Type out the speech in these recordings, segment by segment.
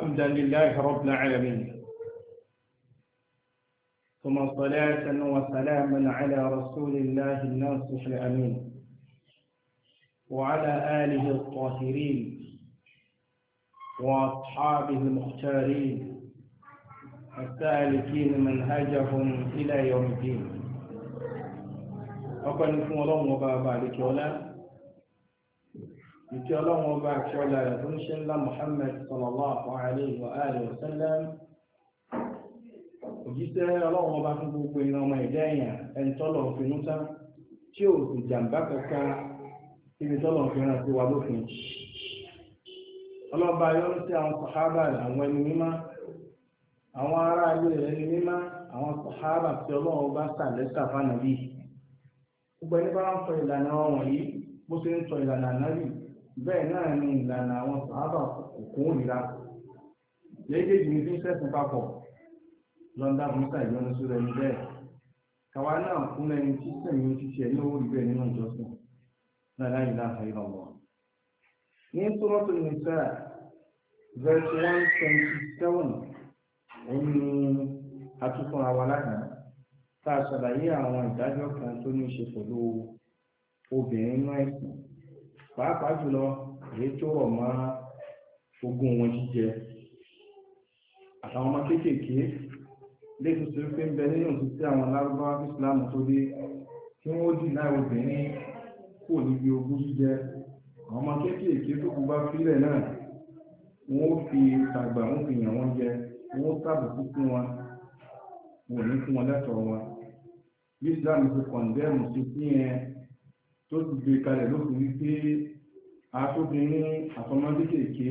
حمدا لله رب العالمين ثم صلاة وسلاما على رسول الله الناصح الأمين وعلى آله الطاهرين وأصحابه المختارين السالكين منهجهم إلى يوم الدين أقول لكم الله وبارك ìkí ọlọ́run ọba àti ọlá rẹ̀ tó ń ṣe ńlá Muhammad sallallahu alaihi wa alihi wa òjíṣẹ́ ọlọ́run ọba fún gbogbo ìran ọmọ ẹ̀dá èèyàn ẹni tọ́lọ̀ tí sì jàǹbá ibi tọ́lọ̀ wa lófin ọlọ́ba yọ́n sí àwọn sàhábà àwọn ẹni mímọ́ àwọn ará ilé ẹni mímọ́ àwọn sàhábà tí ọlọ́run ọba bẹ́ẹ̀ náà ni ìlànà àwọn sàábà òkú ìlà méjèèjì ní fi ń sẹ́sìn papọ̀ lọ́ndà mọ́tà ìyọnu sí rẹ̀ ní bẹ́ẹ̀ kàwa náà fún ẹni tí sẹ̀yìn ti tiẹ̀ ní owó ìbẹ̀ nínú ìjọsìn lára ìlà àìlọ́ wọn. ní sọ́rọ́tò nìsa verse one twenty seven òun ni atúfún àwa lákàá tá a ṣàlàyé àwọn ìdájọ́ kan tó ní í ṣe pẹ̀lú obìnrin náà ẹ̀sìn pàápàá jùlọ èyí tó rọ̀ mọ́ ogún wọn jíjẹ àtàwọn ọmọ kéékèèké léèkó tó pé ń bẹ nínú títí àwọn lárúbáwá ìsìláàmù tó dé kí wọ́n dì láì obìnrin kò níbi ogún jíjẹ àwọn ọmọ kéékèèké tó kú bá fílẹ̀ náà wọ́n fi tàgbà wọ́n fi yàn wọ́n jẹ wọ́n tàbùkù fún wọn wọ́n ní fún wọn lẹ́tọ̀ọ́ wọn bí ti kọ̀ǹdẹ́mù sí sí yẹn tó ti gbé kalẹ̀ lófin wípé atóbìnrin àtọmọdé kéèké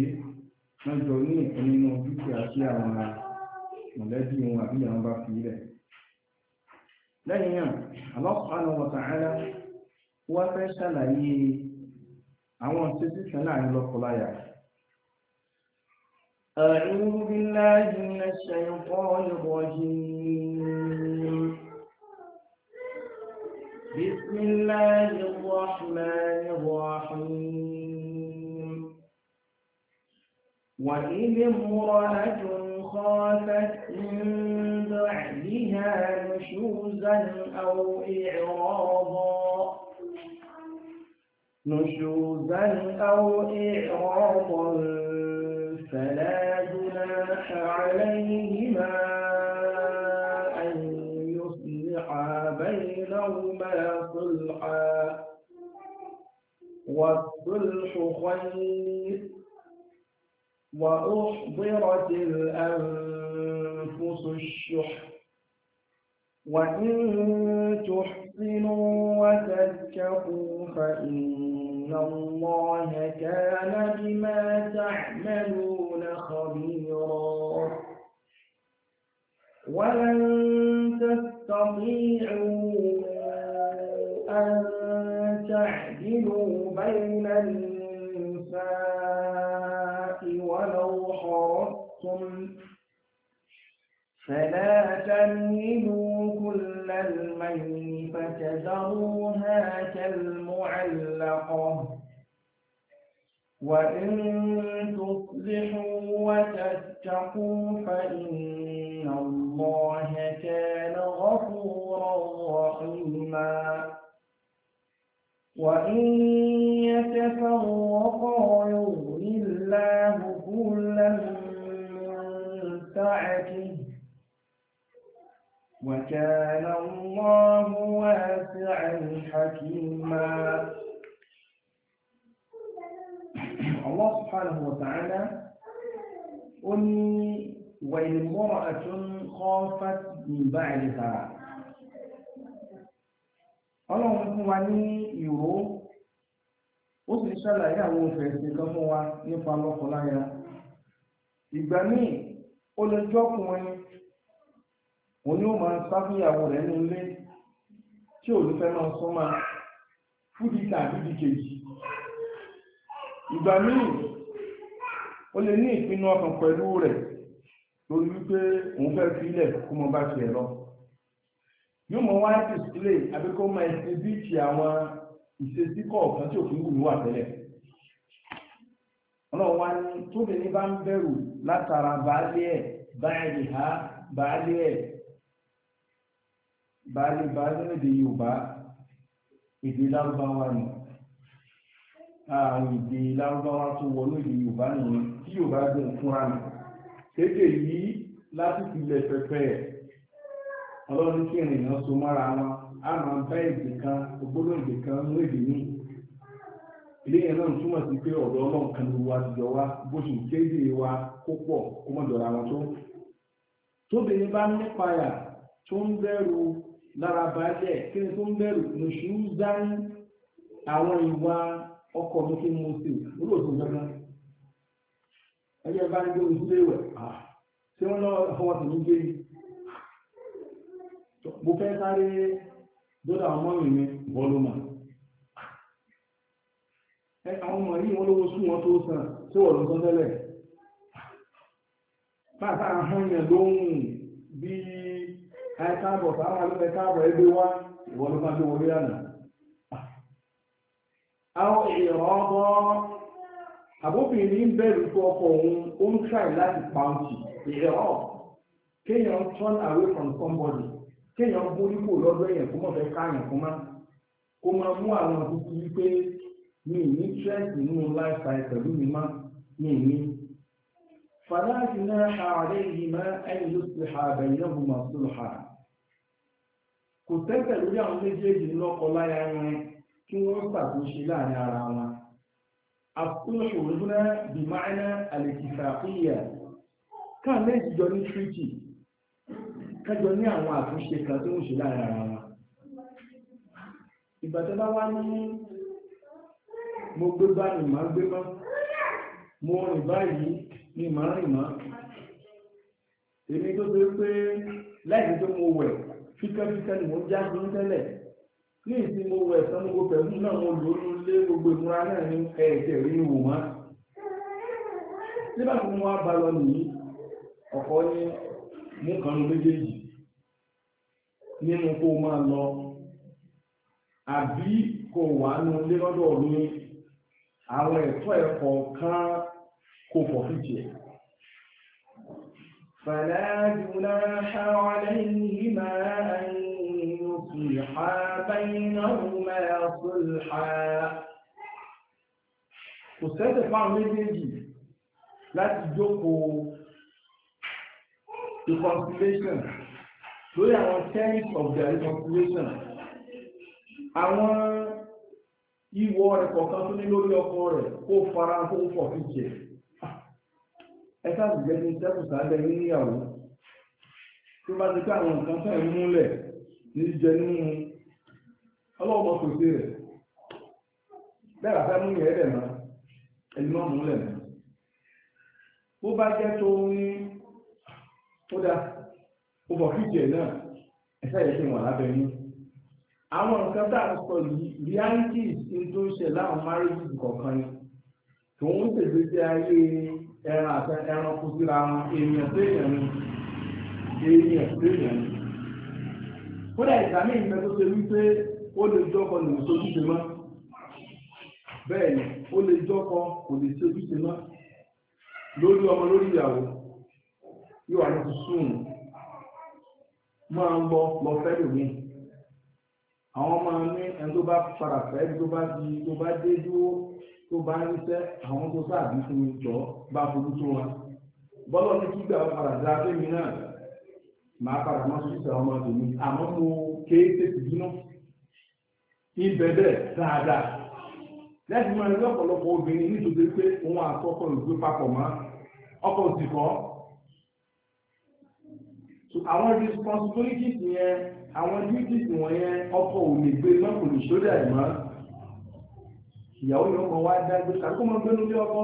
wọ́n jọ ní ìpín nínú dúkìá sí àwọn mọ̀lẹ́bí wọn àbí àwọn bá fi rẹ̀. lẹ́yìn náà Allah subhanahu wa ta'ala wọ́n fẹ́ ṣàlàyé àwọn títí kan láàrin lọ́kọláyà. أعوذ بالله من الشيطان الرجيم بسم الله الرحمن الرحيم وإذ امرأة خافت من بعدها نشوزا أو إعراضا نشوزا أو إعراضا فلا جناح عليهما والصلح خير وأحضرت الأنفس الشح وإن تحسنوا وتتقوا فإن الله كان بما تعملون خبيرا ولن تستطيعوا تعدلوا بين النساء ولو حرصتم فلا تميلوا كل الميل فتذروها كالمعلقة وإن تصلحوا وتتقوا فإن الله كان غفورا رحيما وإن يتفرقا يغني الله كلا من سعته وكان الله واسعا حكيما الله سبحانه وتعالى قل وإن امرأة خافت من بعدها ọlọ́run fún wa ní ìró ó sì ṣàlàyé àwọn òfẹ̀sìn kan fún wa nípa lọ́kọláya ìgbà míì ó lè jọ́kùnrin òun ni ó máa sáfíyàwó rẹ̀ ní ilé tí ò ní fẹ́ máa sọ máa fúdi tàbí di kejì ìgbà míì ó lè ní ìpinnu ọkàn pẹ̀lú rẹ̀ lórí wípé òun fẹ́ fi ilẹ̀ kó mọ bá tiẹ̀ lọ yóò mọ wá display àbí kó máa ṣe bíìkì àwọn ìṣesí kọ̀ọ̀kan tí òfin wù níwà tẹ́lẹ̀ ọlọ́run wá ní tóbìnrin bá ń bẹ̀rù látara baálé ẹ̀ báyìí ha baálé ẹ̀ baálé baálé èdè yorùbá èdè lárúbáwá ni àwọn èdè lárúbáwá tó wọnú èdè yorùbá nìyẹn tí yorùbá gbọ́n fúnra nù kéde yìí láti fi lẹ̀ pẹpẹ ẹ̀ ọlọ́run kí ènìyàn so mọ́ra wọn á máa bá èdè kan ògbóló èdè kan mú èdè ní ilé náà túmọ̀ sí pé ọ̀dọ̀ ọlọ́run kan ló wá jọ wá bó ṣe kéde wa kó pọ̀ kó mọ̀ jọra wọn tó tóbìnrin bá tó ń bẹ̀rù lára balẹ̀ kí ni tó ń bẹ̀rù lóṣù dání àwọn ìwà mi kí ni mo ẹgbẹ́ bá ń gbé léwẹ̀ ah, mo fẹ́ sáré dọ́dà ọmọ mi ní bọ́lúmà ẹ àwọn ọmọ yìí wọ́n lówó sún wọn tó sàn tí wọ́n lọ sọ tẹ́lẹ̀ pàtà àhányàn lóhùn bí ẹ̀káàbọ̀ sáwọn alẹ́ ẹ̀káàbọ̀ ẹgbẹ́ wá ìwọ̀n ló máa tó wọlé àná àwọn èèyàn ọgbọ́ àbóbìnrin ń bẹ̀rù tó ọkọ̀ òun ó ń try láti pàǹtì èèyàn kéèyàn turn away from somebody kéèyàn borí kò lọ́dọ̀ èèyàn kó mọ̀ fẹ́ káàyàn kó má kó máa mú àwọn tuntun wípé mi ní stress nínú lifestyle pẹ̀lú mi má mi ní. fàdáàtì náà ha yìí máa ẹni ló ti ha àbẹ̀yìn náà máa tó ha. kò tẹ́tẹ̀ lórí àwọn méjèèjì lọ́kọ láya yẹn kí wọ́n ṣàtúnṣe láàrin ara wọn. àtúnṣe òun náà bí àlèkìfà kúyà káà méjì jọ ní tríkì kájọ ní àwọn àtúnṣe kan tó ń ṣe láàrin ara wa ìgbà tó bá wá ní mo gbé bá ní màá gbé mọ́ mo rìn báyìí ní màá rìn mọ́ èmi tó ṣe pé láìsí tó mo wẹ̀ fíkẹ́fíkẹ́ ni mo já ní tẹ́lẹ̀ ní ìsìn mo wẹ̀ tán mo pẹ̀lú náà mo lò ó lé gbogbo ìmúra náà ní ẹ̀ẹ́dẹ̀ rí wò mọ́ nígbà tí mo wá balọ̀ nìyí ọ̀pọ̀ ní mú kan méjèèjì nínú kó máa lọ àbí kò wà ní ilé lọ́dọ̀ ní àwọn ẹ̀tọ́ ẹ̀kọ́ kan kò fọ̀ fíjì ẹ̀. فلا جناح عليهما أن يصلحا بينهما صلحا kò sẹ́sẹ̀ fáwọn méjèèjì láti jókòó reconciliation lórí àwọn terms of the reconciliation àwọn ìwọ rẹ̀ kọ̀ọ̀kan tó ní lórí ọkọ rẹ̀ kó fara kó fọ̀ fi jẹ ẹ sáà jẹ́ ní sẹ́kù sábẹ́ níyàwó tó bá ti ká àwọn nǹkan tó ẹ̀ múlẹ̀ ní jẹ nínú kò sí bẹ́ẹ̀ bá fẹ́ mú mọ́ ẹni múlẹ̀ mọ́ bó bá jẹ́ tó ó dáa ó bọ̀ fíjì ẹ̀ náà ẹ̀sẹ̀ yẹ kí wọ́n lábẹ́ yín àwọn nǹkan tá à ń sọ yìí realities in tó ń ṣe láwọn marriages kọ̀ọ̀kan ni tòun ń tètè ayé ẹran àti ẹranko síra wọn èèyàn tó èèyàn ni èèyàn tó èèyàn ni kódà ìsàmì ìfẹ́ tó ṣe wípé ó lè jọ́kọ lè ṣe ojúṣe mọ́ bẹ́ẹ̀ ó lè jọ́kọ kò lè ṣe ojúṣe mọ́ lórí ọmọ lórí ìyàwó yóò wà ní ti sùn máa ń lọ lọ fẹ́ lòmí àwọn máa ní ẹni tó bá padà fẹ́ tó bá di tó bá dé dúró tó bá ń ṣẹ́ àwọn tó sáàbí fún mi jọ bá fojú tó wa bọ́lọ̀ ní kígbà padà dá fẹ́mi náà màá padà mọ́ sí ìṣẹ̀wọ́n máa tòmí àmọ́ mo kéé tètè bínú ibẹ̀ bẹ́ẹ̀ dáadáa lẹ́sìn máa ń lọ́pọ̀lọpọ̀ obìnrin nítorí pé òun àtọkọ̀ ìgbé papọ̀ mọ́ ọkọ̀ òsì kọ́ so àwọn responsibilities yẹn àwọn duties wọ̀nyẹn ọkọ ò lè gbé mọ́ kò lè ṣódà ẹ̀ mọ́ ìyàwó yóò mọ wá dágbé kàkó mọ gbénu lé ọkọ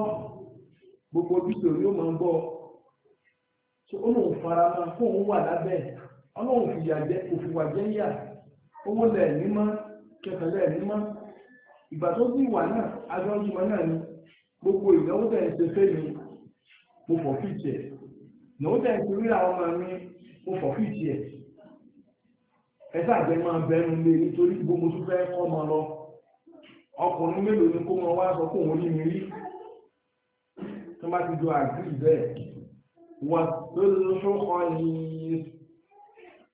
gbogbo ojúṣe yóò mọ gbọ́ so ó lóun fara mọ́ fóun wà lábẹ́ ọlọ́run fìyà jẹ òfìwà jẹ yà owó lẹ̀ nímọ́ kẹfẹ́ lẹ̀ nímọ́ ìgbà tó sì wà náà agbọ́njúmọ́ náà ni gbogbo ìnáwó tẹ̀ ń ṣe fẹ́ mi mo fọ̀ fìjẹ̀ ìnáwó tẹ̀ ń ṣe rí àwọn ọmọ mi mo fọ̀ fí tiẹ̀ ẹ̀sà àgbẹ̀ máa bẹ̀rù lé e nítorí gbogbo mo tún fẹ́ kọ́ mọ lọ ọkùnrin mélòó ni kó mọ wá sọ kó òun rí mi rí tó bá ti do àgbì bẹ́ẹ̀ wà lóṣù kan yìí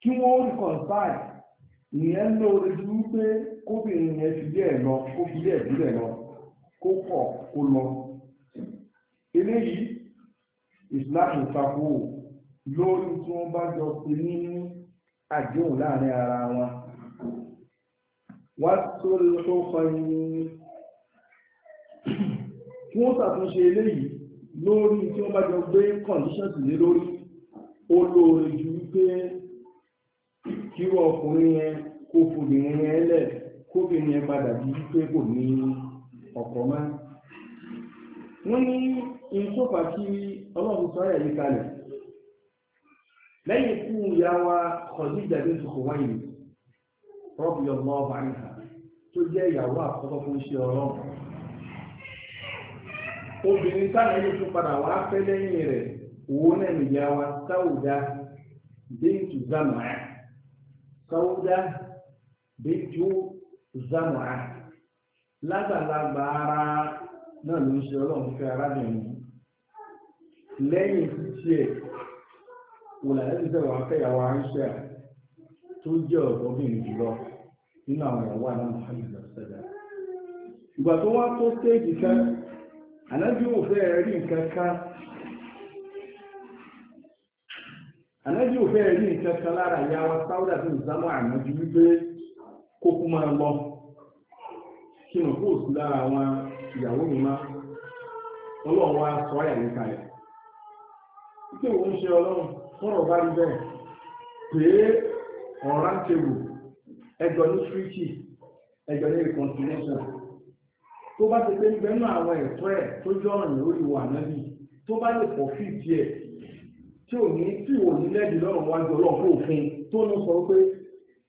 kí wọ́n rí kọ̀ǹtáì ìyẹn lóore ju wípé kóbìnrin yẹn fi díẹ̀ lọ kó fi díẹ̀ díẹ̀ lọ kó kọ̀ kó lọ eléyìí ìsìláàmù takò lórí tí wọ́n bá jọ pé ní àdéhùn láàrin ara wọn wá tó lọ́kọ́ kan ní kí wọ́n ṣàtúnṣe eléyìí lórí tí wọ́n bá jọ gbé conditions lé lórí ó lóore ju wípé kí ọkùnrin yẹn kó fòbìnrin yẹn lẹ̀ kóbìnrin yẹn padà bí wípé kò ní ọkọ mọ́. wọ́n ní ìṣòfà kí ọlọ́run sọ ayẹyẹ kalẹ̀ lẹ́yìn ikú ìyá wa Khadija bint Khuwaylid radiyallahu anha tó jẹ́ ìyàwó àkọ́kọ́ fún iṣẹ́ ọlọ́run obìnrin táwọn ẹni tún padà wá fẹ́ lẹ́yìn rẹ̀ òun náà nìyá wa Sauda bintu Zam'a Sauda bintu Zam'a látàlágbà ara náà ló ń ọlọ́run fẹ́ arábìnrin lẹ́yìn tí tiẹ̀ wòlà ẹ̀ ṣiṣẹ́ wà wata àìṣẹ́ tó jẹ́ ọ̀dọ́bìnrin jùlọ nínú àwọn ìyàwó àná Muhammad ṣẹlẹ ìgbà tó wá tó stéèjì ya ò fẹ́ rí nǹkan ò fẹ́ rí nǹkan lára ìyá wa sáwúdà tó ń sámọ́ ànájú wípé kó máa lọ kí n kó lára àwọn ìyàwó mi má sọ̀rọ̀ bá rí bẹ́ẹ̀ pé ọ̀rán tèbù ẹjọ́ ní tríkì ẹjọ́ ní reconciliation tó bá ti pé ń bẹnu àwọn ẹ̀tọ́ ẹ̀ tó jọ ọ̀rìn lórí wà nábì tó bá lè pọ̀ fí tiẹ̀ tí ò ní tí ò ní lẹ́bi lọ́rùn wájú ọlọ́pọ̀ òfin tó ń sọ pé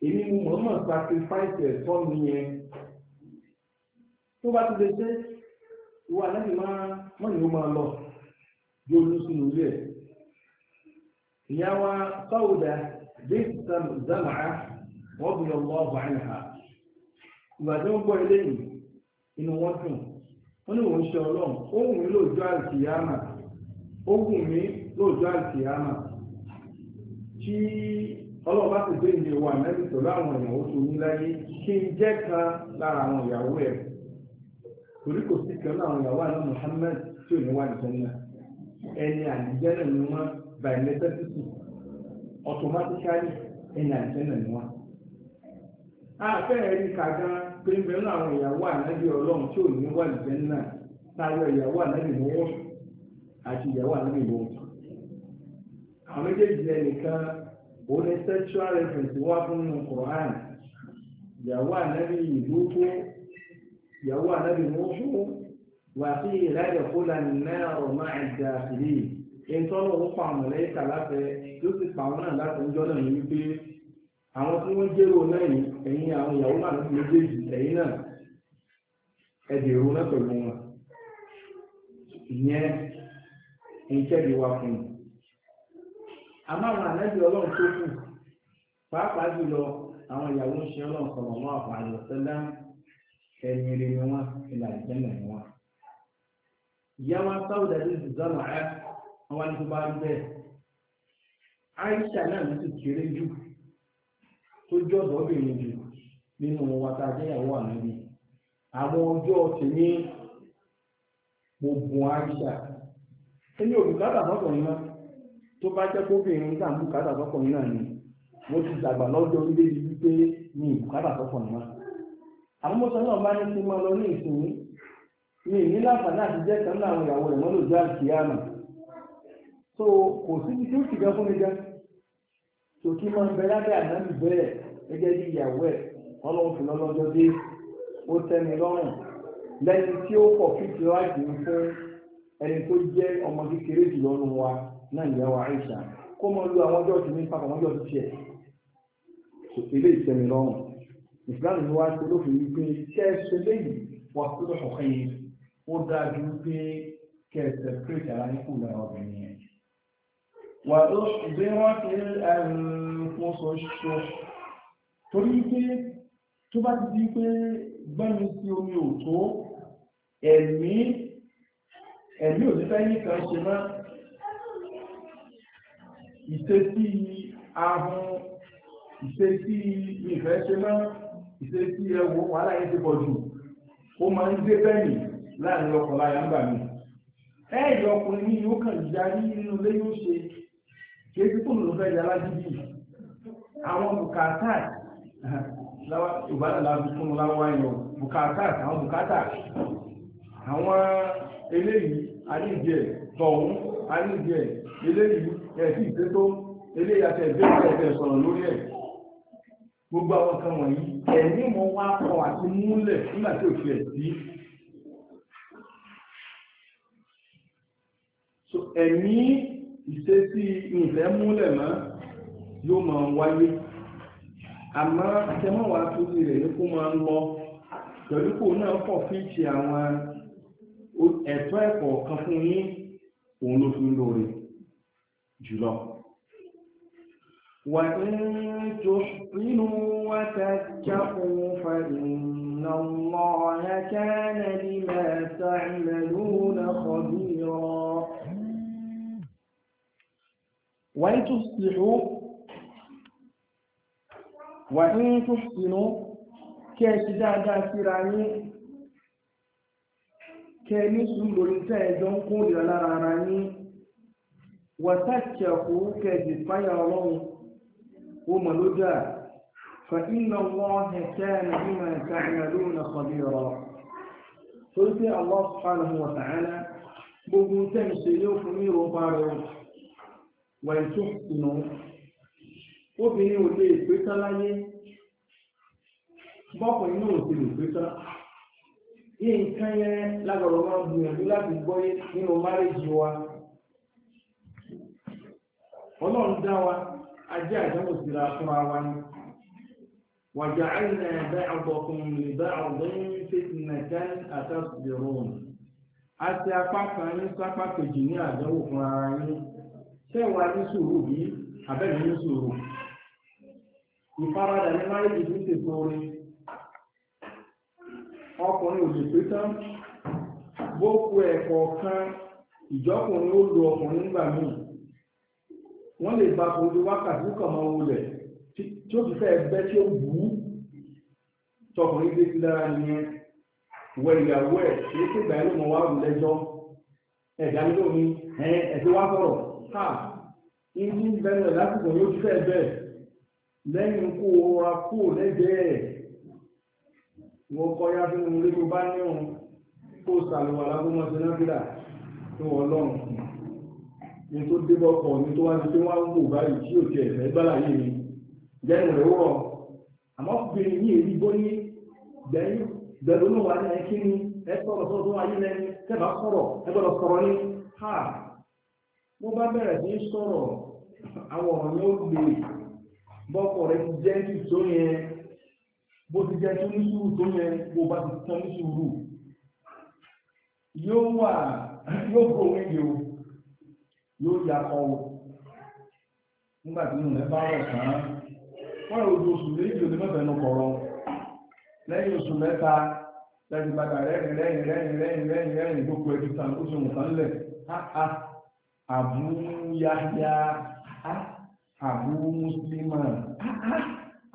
èmi mú mọ̀ọ́mọ̀ sacrifice ẹ̀tọ́ mi yẹn tó bá ti lè ṣe ìwà nábì máa mọ̀nyí ó máa lọ bí olú sínú ilé ẹ̀ ìyáwá Sauda bint Zam'a radiyallahu anha ìgbà tí wọ́n gbọ́ eléyìí inú wọn dùn wọ́n ní wọ́n ṣe ọlọ́run ó wù mí lóòjọ́ àlùkìyàmà ọlọ́run bá ti gbé ìdè wa nẹ́bí pẹ̀lú àwọn ìyàwó tó ní láyé kí n jẹ́ kan lára àwọn ìyàwó ẹ̀ torí kò sí kan láwọn ìyàwó Muhammad tí ò ní wà nìkan náà ẹni àdìjẹ́ ni wọ́n by necessity automatically ẹ̀nà ìjẹ́nà a fẹ́ẹ̀ rí kàga pé ń àwọn ìyàwó ànábì ọlọ́run tí ò ní wà lùjẹ́ náà táwọn ìyàwó ànábì mọ́wọ́ àti ìyàwó ànábì mọ́wọ́. àwọn méjèèjì ẹnìkan òun sexual reference wá fún nínú Quran ìyàwó ànábì ìlú tó ìyàwó wà sí kó lànà ìtọ́nà ó pa àmọ̀ lẹ́yìn kà láfẹ́ yóò sì pa àwọn náà láti ọjọ́ náà yìí pé àwọn tí wọ́n jẹ́rò náà yìí ẹ̀yìn àwọn ìyàwó náà ló méjèèjì ẹ̀yìn náà ẹ̀dẹ̀rò náà pẹ̀lú wọn ìyẹn ìkẹ́bi wa fún un. àmọ́ àwọn ànábì ọlọ́run tó kù pàápàá jùlọ àwọn ìyàwó ń ṣe ọlọ́run sọ̀rọ̀ àwọn àlọ́sẹ́lá ẹni rẹ̀ ni wọ́n ìlà ìjẹ́lẹ̀ àwọn ní tó bá ń bẹ́ẹ̀ Aisha náà ló sì kéré jù tó jọ̀dọ̀ obìnrin jù nínú wa tá a jẹ́yàwó ànábi àwọn ọjọ́ ti ní gbogbo Aisha ẹni òbíkátà sọ́kùnrin náà tó bá jẹ́ kóbìnrin tá à ń bùkátà sọ́kùnrin náà ni mo ti dàgbà lọ́jọ́ ilé yìí wípé mi ìbùkátà sọ́kùnrin náà àwọn mọ́tò náà bá ní kí n máa lọ ní ìsìn ní láǹfààní àti jẹ́ kan náà ìyàwó rẹ̀ mọ́lòdì àti kíyàmù so kò síbi tí ó sì gan fún mi gan tòkí máa ń bẹ lábẹ́ ànábì bẹ́ẹ̀ gẹ́gẹ́ bí ìyàwó ẹ̀ ọlọ́run fi lọ́lọ́jọ́ dé ó tẹ́mi lọ́rùn lẹ́yìn tí ó pọ̀ fífi láti ń fún ẹni tó jẹ́ ọmọ kékeré jù lọ́nu wa náà ìyá wa Aisha kó mọ lu àwọn ọjọ́ ìsinmi papọ̀ àwọn ọjọ́ ìsinmi ẹ̀ ilé ìtẹ́mi lọ́rùn ìsìláàmù ni wá ṣe lófin wípé kẹ́ẹ̀ṣẹ́ lẹ́yìn wà tó lọ́kọ̀ọ́kẹ́ yìí ó dáa ju wípé kẹ́ẹ̀ṣẹ́ pé ìtara ní kùnà ọ̀bìnrin yẹn وأحضرت الأنفس الشح torí pé tó bá ti di pé gbẹ́mi sí omi ò tó ẹ̀mí ẹ̀mí ò nípa ẹni kan ṣe máa ìṣesí ahun ìṣesí ìfẹ́ ṣe máa ìṣesí ẹwọ wàhálà yẹn ti pọ̀ jù ó máa ń dé bẹ́ẹ̀mì láàrin ọkọ̀ láyà ń gbà mí ẹ̀ẹ́dì ṣe kí fún ló fẹ́ yà lágídí àwọn bùkátà ìbára láti fún láwá yọ bùkátà àwọn bùkátà àwọn eléyìí aníjẹ tọ̀hún aníjẹ eléyìí ẹ̀sìn ìtẹ́tọ́ eléyìí àti ẹ̀gbẹ́ ẹ̀fẹ́ sọ̀rọ̀ lórí ẹ̀ gbogbo àwọn kan wọ̀nyí ẹ̀mí mọ́ wá kọ àti múlẹ̀ nígbà tí ẹ̀ sí ẹ̀mí ìṣesí ìfẹ́ múlẹ̀ mọ́ yóò máa wáyé àmọ́ akẹ́mọ̀wá tóbi rẹ̀ ní kó máa ń lọ pẹ̀lú kò náà pọ̀ fíìsì àwọn ẹ̀tọ́ ẹ̀kọ́ kan fún yín òun ló fi lóore jùlọ. وإن تحسنوا وتتقوا فإن الله كان بما تعملون خبيرا وإن تصلحوا وإن تحسنوا كاش دادا سيراني كاني سندو لنتا يجون قول على راني وتتقوا كاش فايا الله وما لجا فإن الله كان بما تعملون خبيرا قلت الله سبحانه وتعالى بقول تمشي يوم يوم wẹ̀ntún ìnà obìnrin ò lè pé láyé bọ́kùnrin náà ti lè pé ní nǹkan yẹn lágbàrọ̀ máa ń gbìyànjú láti gbọ́yé nínú márèjì wa ọlọ́run dá wa ajé àjọmọ̀ sí ra fúnra wa ni wàjà àìnà ẹ̀bẹ́ àgbọ̀kùnrin lè bá ọ̀gbẹ́yìn fẹ́tìnàkẹ́ àtàkùnrin a ti apá kan ní sápá kejì ní àdánwò fúnra yín tẹ́wàá ní sùúrù bí àbẹ́rẹ̀ ní sùúrù ìfaradà ní márìjì tó ṣe fún orin ọkùnrin òjò pé tán bókú ẹ̀kọ́ kan ìjọkùnrin ó lo ọkùnrin nígbà míì wọ́n lè ba fojú wákàtí kọ̀mọ wulẹ̀ tí ó fi fẹ́ bẹ́ tí ó wù ú tọkùnrin dé sí lára nìyẹn wẹ ìyàwó ẹ̀ kí ó sì gbà ẹ́ ló mọ wá wù lẹ́jọ́ ẹ̀dá ló ní ẹ̀ ẹ̀ tí wá sọ̀rọ̀ ha inú bẹ̀rẹ̀ lásìkò ebe fẹ́ bẹ́ẹ̀ lẹ́yìn kó ra kó lẹ́gbẹ̀ẹ́ wọ́n kọ́ yá fún un lébo bá ní òun kó sàlùwà lágbómọ́ sí náfíà tó wọ́n lọ́rùn ní tó débọ̀ ní tó báyìí tí ò yìí ni èyí ní ha mo bá bẹ̀rẹ̀ sí sọ̀rọ̀ àwọn ọ̀rọ̀ yóò lè bọ́kọ̀ rẹ̀ jẹ́ jù tó yẹn bó ti jẹ́ tó ní sùúrù tó yẹn bó bá ti tán ní sùúrù yóò wà yóò o yóò ya kọ nígbà tí nìyẹn bá rọ̀ sàn án wọ́n rò oṣù méjì òní mẹ́fẹ̀ẹ́ nu kọ̀rọ̀ lẹ́yìn oṣù mẹ́ta lẹ́yìn bàtà rẹ́rìn rẹ́rìn àbú yáyá àbú mùsùlùmá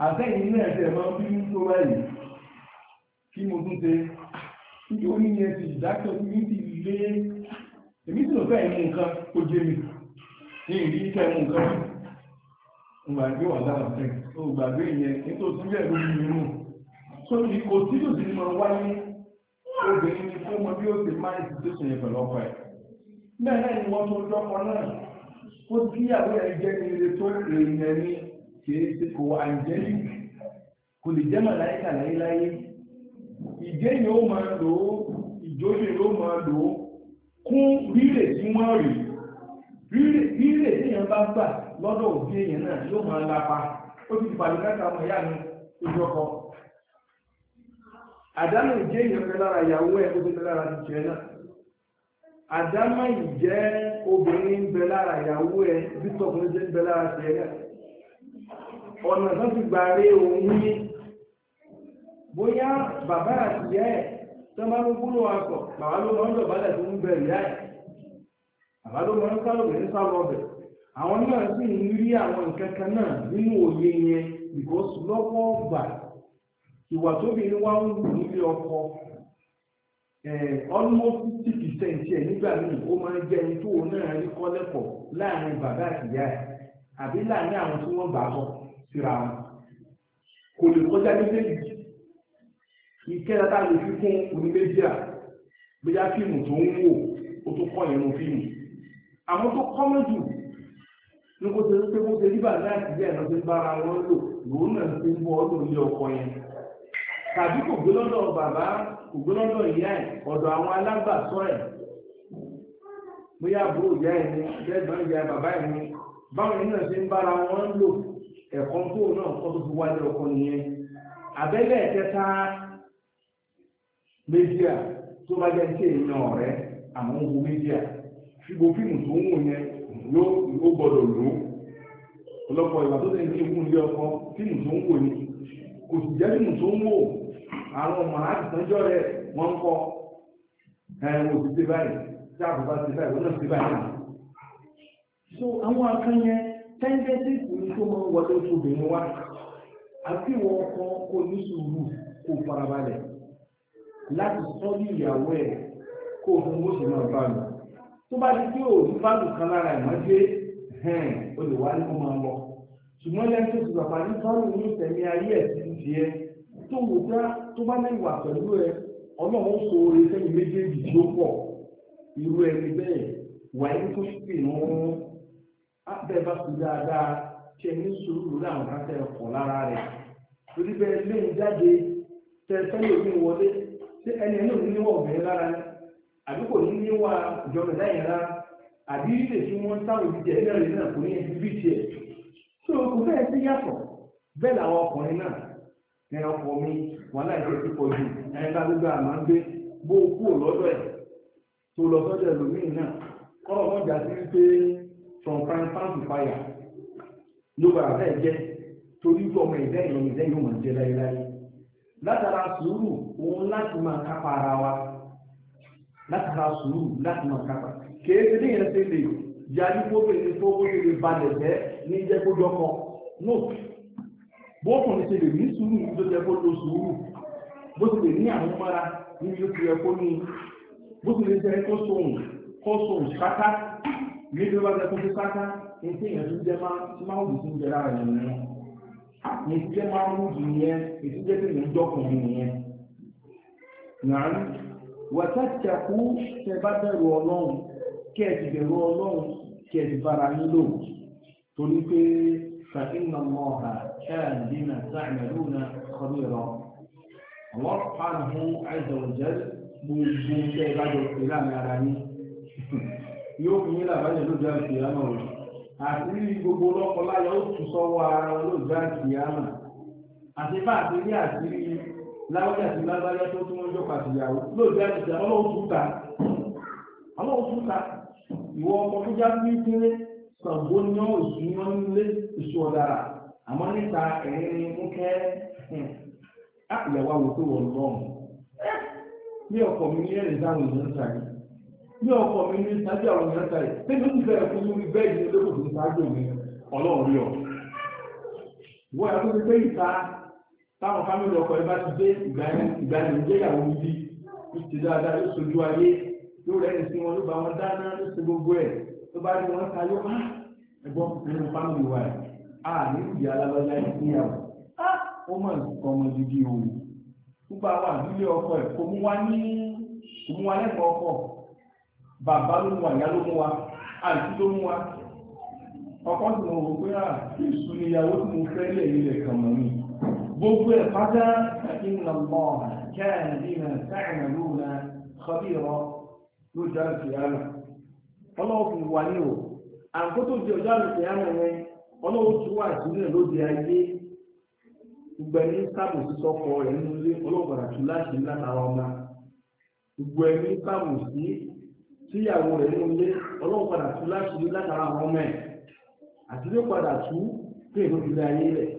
àtẹ́yìn náà ẹ̀sẹ̀ máa bí ní tó báyìí kí mo tún ṣe nítorí yẹn ti ìdákẹ́ ní ti lé èmi tí ó fẹ́ mú nǹkan ó jẹ́ mi ní ìrí ìfẹ́ mú nǹkan mo gbàgbé wà lára fẹ́ ó gbàgbé yẹn nítorí sílẹ̀ lórí mi mú sórí kò sí tòsí máa wáyé obìnrin ni fún ọmọ bí ó ti máa ń ti tẹ̀sán yẹn pẹ̀lú ọkọ ẹ̀ mẹ́rẹ̀ ni wọ́n tó dọ́kọ̀ náà ó tí ìyàwó ẹ̀ jẹ́ ire tó èèyàn ní kìí kò àìjẹ́lì kò lè jẹ́ màláìkà láyéláyé ìjẹ́ yìí ó máa lò ó ìjọ́lẹ̀ ló máa lò ó kún rírè tí wọ́n rí rírè tí èèyàn bá gbà lọ́dọ̀ òbí èèyàn náà yóò máa ó ọkọ àdánù fẹ́ lára ìyàwó ẹ̀ tó fẹ́ lára àdámà ìjẹ́ obìnrin ń bẹ lára ìyàwó ẹ bí tọkùnrin jẹ́ ń bẹ lára ṣe rẹ̀ ọ̀nà tó ti gbà rí òun ní bóyá bàbá àti ìyá ẹ̀ tó máa ń gbúrò akọ̀ bàbá ló máa ń dọ̀bálẹ̀ tó ń bẹ ìyá ẹ̀ bàbá ló máa ń sálò bẹ̀ ń sálò ọbẹ̀ àwọn náà sì ń rí àwọn nǹkan kan náà nínú òye yẹn because lọ́pọ̀ ọgbà ìwà tóbi ni wá ń wù nílé ọkọ Eh, almost fifty percent ẹ̀ nígbà míì ó máa ń jẹ́ ẹni tó náà rí kọ́ lẹ́kọ̀ọ́ láàrin bàbá àtìyá ẹ̀ àbí láàrin àwọn tí wọ́n bá bọ̀ síra wọn kò lè kọjá méjèèjì ìkẹ́ra tá a lè fi kún oníméjìlá bóyá fíìmù tó ń wò ó tó kọ́ ìrún fíìmù àwọn tó kọ́ mọ́jù ní kó ṣe pé kó ṣe rí bàbá àtìyá ẹ̀ lọ́sẹ̀ bára wọn lò lòun náà ti ń bọ́ ọdún ilé ọkọ yẹn tàbí kò gbé lọ́dọ̀ bàbá kò gbé lọ́dọ̀ ìyá ẹ̀ ọ̀dọ̀ àwọn alágbàtọ́ ẹ̀ bóyá àbúrò ìyá ẹ̀ ni ẹgbẹ̀rún ìyá bàbá ẹ̀ ni báwọn ènìyàn ṣe ń bára wọn lò ẹ̀kọ́ tó náà kọ́ tó fi wáyé ọkọ nìyẹn abẹ́lẹ̀ ẹ̀kẹta méjìlá tó bá jẹ́ tí èèyàn ọ̀rẹ́ àmọ́ ń wo méjìlá fíbo fíìmù tó ń wò yẹn ló gbọ́dọ̀ lò ọlọ́pọ̀ ìwà tó tẹ̀ ń fi wù ní ọkọ fíìmù tó ń wò ni kò sì jẹ́ fíìmù tó ń wò àwọn ọmọ àtìsánjọ́ rẹ̀ wọ́n kọ́ ẹ̀rùn òsìsí báyìí tí àbúbá ti báyìí ti báyìí so láti sọ́ọ́lì ìyàwó tó bá ti pé òní bá lù kan lára ìmọ̀jẹ́ hẹ́n olùwà ni wọ́n máa ṣùgbọ́n lẹ́yìn tó ti bàbá ní sọ́ọ́lì ní ìtẹ̀mí ayé ẹ̀ ti ń fi ẹ́ tó wò tó bá ní ìwà pẹ̀lú ẹ ọlọ́run so oore sẹ́yìn méjèèjì tó pọ̀ irú ẹni bẹ́ẹ̀ wà ní tó sì nù ún abẹ́ bá fi dáadáa ṣe ní sùúrù láwọn kan tẹ ọ̀pọ̀ lára rẹ̀ torí bẹ́ẹ̀ lẹ́yìn jáde tẹ sẹ́yìn òfin wọlé ẹni ẹni òní níwọ̀ lára ni àbí kò ní níwà ìjọba rárá àbí ilé tí wọ́n ìdíje náà kò ní ẹbí bíi tiẹ̀ ẹ ọkọ̀ mi wà láìsí ti pọ̀ jù ẹ lágbègbè àmà ń gbé bó kú lọ́dọ̀ ẹ̀ tó lọ sọ́dọ̀ ẹlòmíì náà kọ́lọ̀ wọn jà sí pé from prime pan to fire ló bàrà bẹ́ẹ̀ jẹ́ torí pé ọmọ ìdẹ́ ìrọ̀lẹ́ ìdẹ́ yóò máa jẹ láéláé látara sùúrù òun láti máa kápá ara wa látara sùúrù láti máa kápá kéèké ní ìrẹsẹ̀ lè yarí gbogbo ìrẹsẹ̀ tó gbogbo ìrẹsẹ̀ balẹ̀ jẹ́ ní jẹ́ kó dọ́kọ̀ nóòtù bọ́ọ̀kùnrin ṣe lè ní sùúrù ní tó jẹ kó lo sùúrù bó ti lè ní àwọn mọ́ra ní yóò ti yẹ kó ní bó ti lè jẹ kó sóhùn kó sóhùn ṣáká ní bí ó bá jẹ kó sí ṣáká ní tí èèyàn tún jẹ máa wù sí ìjẹ lára ẹ̀yìn wọn ní ti jẹ máa wù jù nìyẹn ètí jẹ pé èèyàn jọkùnrin nìyẹn. nàá wàtàkìtàkù tẹ bá bẹ̀rù ọlọ́run kí bẹ̀rù ọlọ́run kí bára yín torí pé فإن الله كان بما تعملون خبيرا الله سبحانه عز وجل بوجود عباده الكلام يا رامي yóò fi yín làbájẹ lójú àkìyàmọ rẹ àti rí gbogbo lọkọláyà ó tún sọ́wọ́ ara wọn lójú àkìyàmọ àti bá àti rí àti rí láwùjọ àti lágbájá tó tún wọn jọ pàtìyàwó lójú àkìyàmọ lọ́wọ́ tún ta ọlọ́wọ́ tún ta ìwọ ọkọ tó já sí kéré Ṣàngó ní òsì wọn lé èso ọ̀dàrà àmọ́ níta ẹ̀rín ni mú kẹ́ àpìlẹ̀wà wò tó wọ̀ lọ́rùn. Bí ọkọ̀ mi ní ẹ̀rìn sáwọn èèyàn sàrí. Bí ọkọ̀ mi ní sájú àwọn èèyàn sàrí. Tẹ́lẹ̀ ó ti bẹ̀rẹ̀ fún lórí bẹ́ẹ̀ ní olóko tó ń sáájú mi ọlọ́run rí ọ. Wọ́n yà tó ti pé ìta táwọn fámìlì ọkọ̀ ẹ bá ti dé ìgbà ẹni ìgbéyàwó yìí. Ó ti dáadáa ló tó bá rí wọn tayọ ah, ẹ̀gbọ́n ẹnu fámìlì wa ẹ a ní ìyá alábọlá ìpínyàwó ah, ó mọ nǹkan ọmọ gidi o púpà wà nílé ọkọ ẹ kò mú wa ní kò mú wa lẹ́kọ̀ọ́ ọkọ bàbá ló mú wa ìyá ló mú wa àǹtí ló mú wa ọkọ tí mo rò à èso ni ìyàwó tí mo fẹ́ lẹ̀ kan mọ́ mi gbogbo ẹ̀ pátá ìnà mọ́ kẹ́ẹ̀ẹ́dínà sáà ìrìnàlú na kọ́bí rọ ló dá sí ara ọlọ́wọ́ fún ní o àkótó di ọjọ́ àlùkò yá mọ̀ yẹn ọlọ́wọ́ tún wà sílẹ̀ lóde ayé gbogbo ẹni sábò sí sọ́kọ rẹ̀ nínú ilé ọlọ́gbàrà tún láti látara ọmọ gbogbo ẹni sábò sí síyàwó rẹ̀ nínú ilé ọlọ́gbàrà tún láti látara ọmọ ẹ̀ àti ló padà tú pé èdè ìlú ayé rẹ̀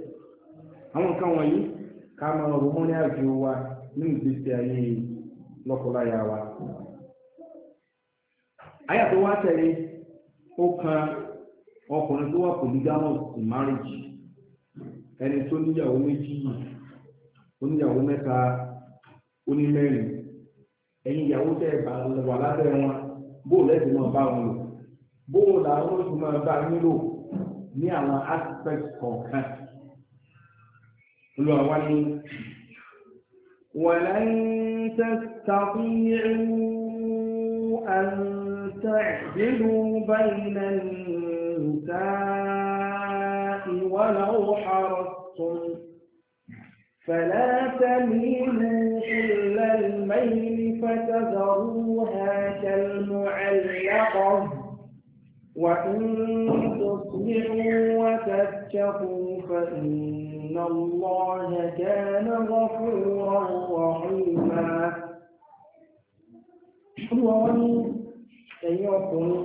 àwọn nǹkan wọ̀nyí ká máa rọ̀ mọ́ ní àjò wa nínú ìgbésí ayé lọ́kọláya wa aya tó wá tẹ̀lé ó kan ọkùnrin tó wà in marriage ẹni tó níyàwó méjì oníyàwó mẹ́ta onímẹ́rin ẹ̀yin ìyàwó tẹ́ bá wà lábẹ́ wọn bá wọn lò bóòlù àwọn bá ní aspect kọ̀ọ̀kan olùwà wá ní. تعدلوا بين النساء ولو حرصتم فلا تميلوا إلا الميل فتذروها كالمعلقة وإن تصلحوا وتتقوا فإن الله كان غفورا رحيما ẹ̀yin ọkùnrin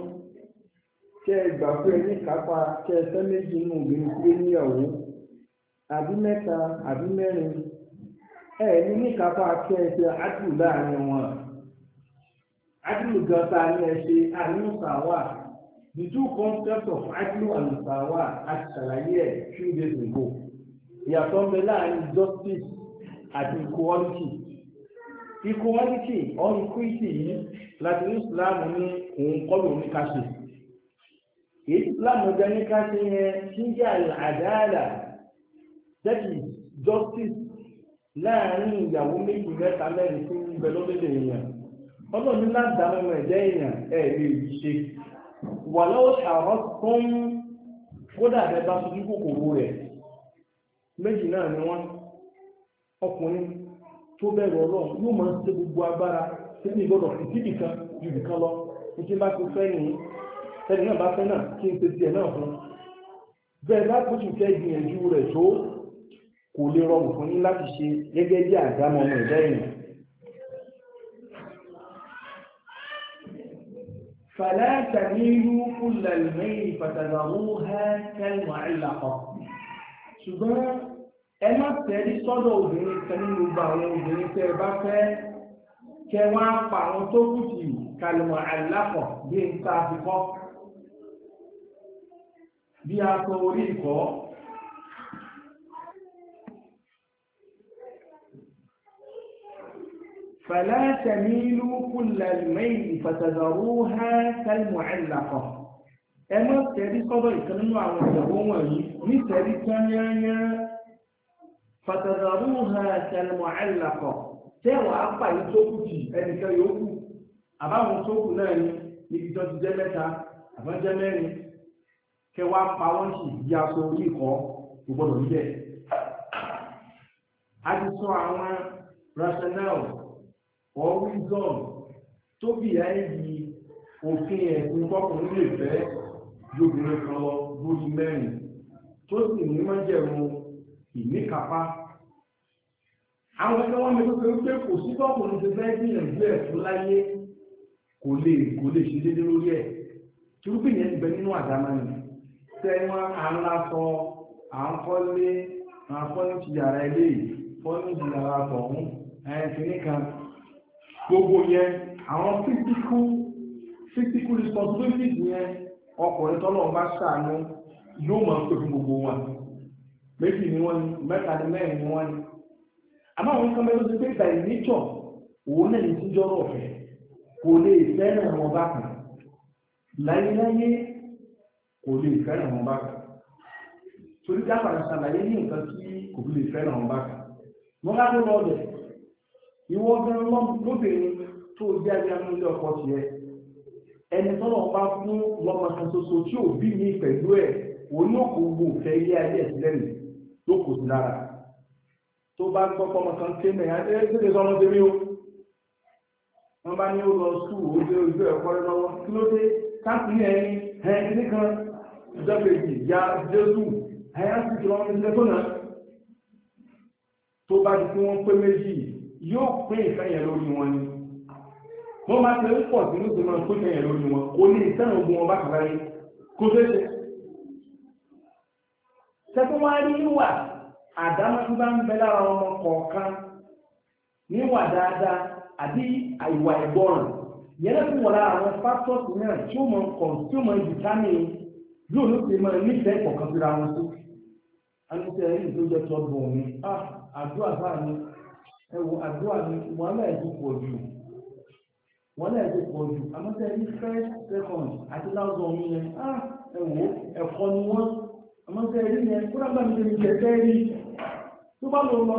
kẹ́ ẹ gbà pé ẹni kápá kẹ́ ẹ fẹ́ méjì nù obìnrin pé níyàwó àbí mẹ́ta àbí mẹ́rin ẹ ní níkápá kẹ́ ẹ ṣe ádùn láàrin wọn ádùn gan ta ni ẹ ṣe àníṣàwà the two concepts of ádùn àníṣàwà àti ṣàlàyé ẹ few days ago ìyàtọ̀ ń bẹ láàrin justice àti equality equality or equity yìí láti ní ìsìláàmù ní òun kọlù ní káṣe èyí ìsìláàmù jẹ ní káṣe yẹn tí ń jẹ justice láàrin ìyàwó méjì mẹ́ta mẹ́rin tó ń bẹ lórílẹ̀ èèyàn ọlọ́run ní ládàá ọmọ ẹ̀jẹ̀ èèyàn ẹ̀ lè ṣe wà lọ́wọ́ àrọ́ tó ń kódà bẹ bá sojú kòkòrò rẹ̀ méjì náà ni wọ́n ọkùnrin tó bẹ̀rù ọlọ́run yóò máa ń ṣe gbogbo agbára sínú ìgbọ́dọ̀ síbì kan ju nìkan lọ ní bá tó fẹ́ nìyí ẹni náà bá fẹ́ náà kí n ṣe tiẹ̀ náà fún bẹ́ẹ̀ bá tó ti fẹ́ gbìyànjú rẹ̀ tó kò lè rọrùn fún yín láti ṣe gẹ́gẹ́ bí àdámọ́ ọmọ ìdá ènìyàn فلا تميلوا كل الميل فتذروها كالمعلقة ṣùgbọ́n ẹ má tẹ̀lé sọ́dọ̀ obìnrin kan nínú gbogbo àwọn obìnrin tẹ́ ẹ bá fẹ́ kẹ wọ́n á pa àwọn tó kù sí kalùmọ̀ àlápọ̀ bí n ta fi kọ́ bí a sọ orí ìkọ́ فلا تميلوا كل الميل فتذروها كالمعلقة ẹ má tẹ̀lé sọ́dọ̀ ìkan nínú àwọn ìyàwó wọ̀nyí ní tẹ̀lé tán yányán fàtàdàrúhà tẹlẹmọ̀ àìlàkọ̀ tẹ́wàá apá yìí tó kù jì ẹnìkan yóò kù àbáwọn tó kù náà ni níbi tó ti jẹ́ mẹ́ta àbọ̀n jẹ́ mẹ́rin kẹwàá pa wọ́n sì di aṣọ àwọn rationale or wisdom tó bì á yí òfin ẹ̀sìn kọkùnrin lè fẹ́ yóò bìnrin kan lọ lórí mẹ́rin tó sì ní májẹ̀mú ìníkapá àwọn ẹgbẹ́ wọn mẹ́tọ́ pé pé kò sí tọ́kùnrin ti fẹ́ gbìyànjú ẹ̀ fún láyé kò lè kò lè ṣe déédéé lórí ẹ̀ tí ó gbìyànjú ti bẹ nínú àdámá ni tẹ́wọ́n aláṣọ àńkọ́lé àńkọ́lé ti yàrá ilé fọ́nì ti yàrá tọ̀hún ẹ̀ẹ́sìnì kan gbogbo yẹn àwọn physical physical responsibilities yẹn ọkùnrin tọ́lọ́ bá ṣàánú yóò máa ń pè fún gbogbo wọn méjì ni wọ́n ni mẹ́ta ni mẹ́rin ni wọ́n ni àmọ́ àwọn nǹkan mẹ́rin ti pé by nature òun náà ti jọ́rọ̀ ọ̀fẹ́ kò lè fẹ́ràn wọn bá kan láyéláyé kò lè fẹ́ràn wọn bá kan torí dáhùn àṣà láyé ní nǹkan tí kò lè fẹ́ràn wọn bá kan wọ́n bá lọ ọ̀dẹ̀ ìwọ gan lóbìnrin tó jẹ́ ajá ilé ọkọ tiẹ̀ ẹni tọ́lọ̀ bá fún lọ́mọ kan ṣoṣo tí òbí mi pẹ̀lú ẹ̀ òun yóò kó gbò fẹ́ ilé ayé ẹ̀ sílẹ̀ nìyí tó kù sí lára tó bá gbọ́ pọ́mọ kan ké mẹ́yà ẹ ẹ́ tẹ́lẹ̀ sọmọ tẹ́lẹ̀ o wọ́n bá ní ó lọ sùúrù ó dé ojú ẹ̀kọ́ rẹ lọ́wọ́ kí ló dé káàkiri ẹ̀yìn ẹ̀yìn kíní kan ìjọkejì ya jésù ẹ̀yà sì ti wọ́n ilé tó náà tó bá ti fún wọn pé méjì yóò pín ìfẹ́ yẹn lórí wọn ni wọ́n máa ti ń pọ̀ sínú ìsinmi pín ìfẹ́ yẹn lórí kò ní ìtẹ́rùn ogun wọn bá kàbáyé kó fẹ́ tẹ́tọ́ wá rí níwà àdámọ́ tó bá ń bẹ lára ọmọ kọ̀ọ̀kan níwà dáadáa àbí àìwà ẹ̀gbọ́ràn yẹn lẹ́sìn wọ̀ lára àwọn pásítọ̀tì náà tí ó mọ nǹkan tí ó mọ ìdìtámì yóò ló ti mọ nífẹ̀ẹ́ kọ̀ọ̀kan síra wọn sí. alùpùpù ẹ̀rí tó jẹ́ tọ́gbọ̀n òní ah, àdúrà báà ni ẹ̀wọ̀ àdúrà ni wọ́n náà ti pọ̀ jù wọ́n náà ti pọ̀ jù àmọ́tẹ́ ní first second àti thousand million ah, ẹ̀wọ̀ ẹ̀kọ́ ni wọ́n àmọ́ tẹ́ rí yẹn kó lágbà mi tẹ́mi jẹ́ tẹ́ rí tó bá lọ lọ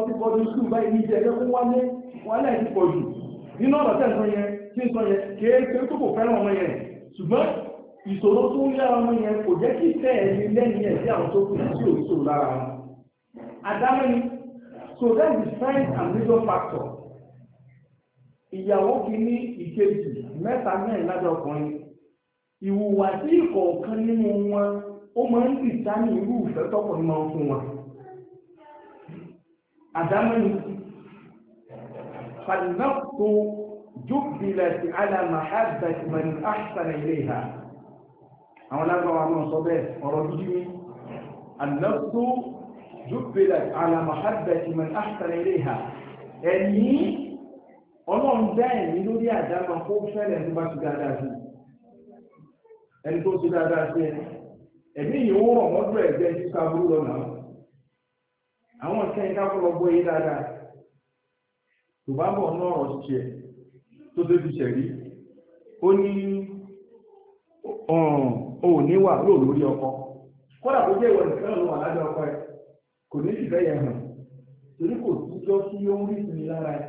sí ìṣòro tó ń lára ọmọ yẹn kò jẹ́ kí tẹ́ lẹ́yìn ẹ̀ sí àwọn tó kù sí òṣòro lára wọn. àdámẹ́ni so that is sign and major factor ìyàwó kìíní ìkejì mẹ́ta mẹ́rin lábẹ́ ọkùnrin ìwùwàsí ìkọ̀ọ̀kan nínú wọn ó máa ń dìtá ní irú ìfẹ́ tọ́pọ̀ ní máa ń fún wọn àdámẹ́ni fàlìnàpò jùbìlẹ̀ sí alàmà àbẹ̀tìmẹ̀ni àṣàrẹ̀ ilé ìhà àwọn lágbàwà náà sọ bẹ́ẹ̀ ọ̀rọ̀ gidi ní àlọ́pò jùbìlẹ̀ alàmà àbẹ̀tìmẹ̀ni àṣàrẹ̀ ilé ìhà ẹ̀ní ọlọ́run bẹ́ẹ̀ ní lórí àdámà kó fẹ́rẹ̀ ní bá ẹ̀mí yìí ó rọ̀ mọ́tò ẹ̀gbẹ́ ìṣúká burú lọ náà àwọn ìṣẹ́ ìdá kọ́ lọ gbọ́ yé dáadáa tó bá bọ̀ náà ọ̀rọ̀ ṣiṣẹ́ tó tó ti ṣẹ̀rí ó ní ò ní wà lóò lórí ọkọ kódà kó jẹ́ ìwọ̀n ìfẹ́ ló wà lábẹ́ ọkọ ẹ̀ kò ní sì fẹ́yẹ̀ hàn torí kò síjọ́ tí ó ń rí ìsinmi lára ẹ̀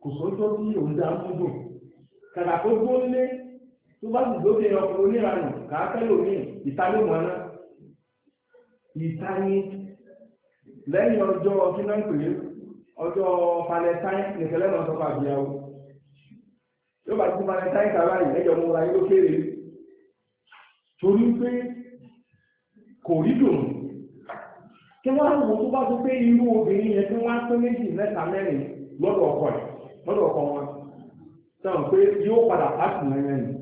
kò sójọ́ tí òun dá ń dùn kàdà kó gbó lé tó bá sì lóde ọkùnrin oníranù kàákẹ́ lòmíì ìta ló mọ̀ náà ìta ni lẹ́yìn ọjọ́ kí náà ń pè é ọjọ́ valentine nìkan lẹ́nu ọ̀sán pàbíyàwó yóò bá ti valentine kàrá yìí lẹ́jọ́ mọ́ra yóò kéré torí pé kò rí dùn kí wọ́n á wò tó bá tó pé irú obìnrin yẹn tí wọ́n á pé méjì mẹ́ta mẹ́rin lọ́dọ̀ ọkọ ẹ̀ lọ́dọ̀ ọkọ wọn sọ pé yóò padà pàṣẹ ẹ̀yẹn nìyí.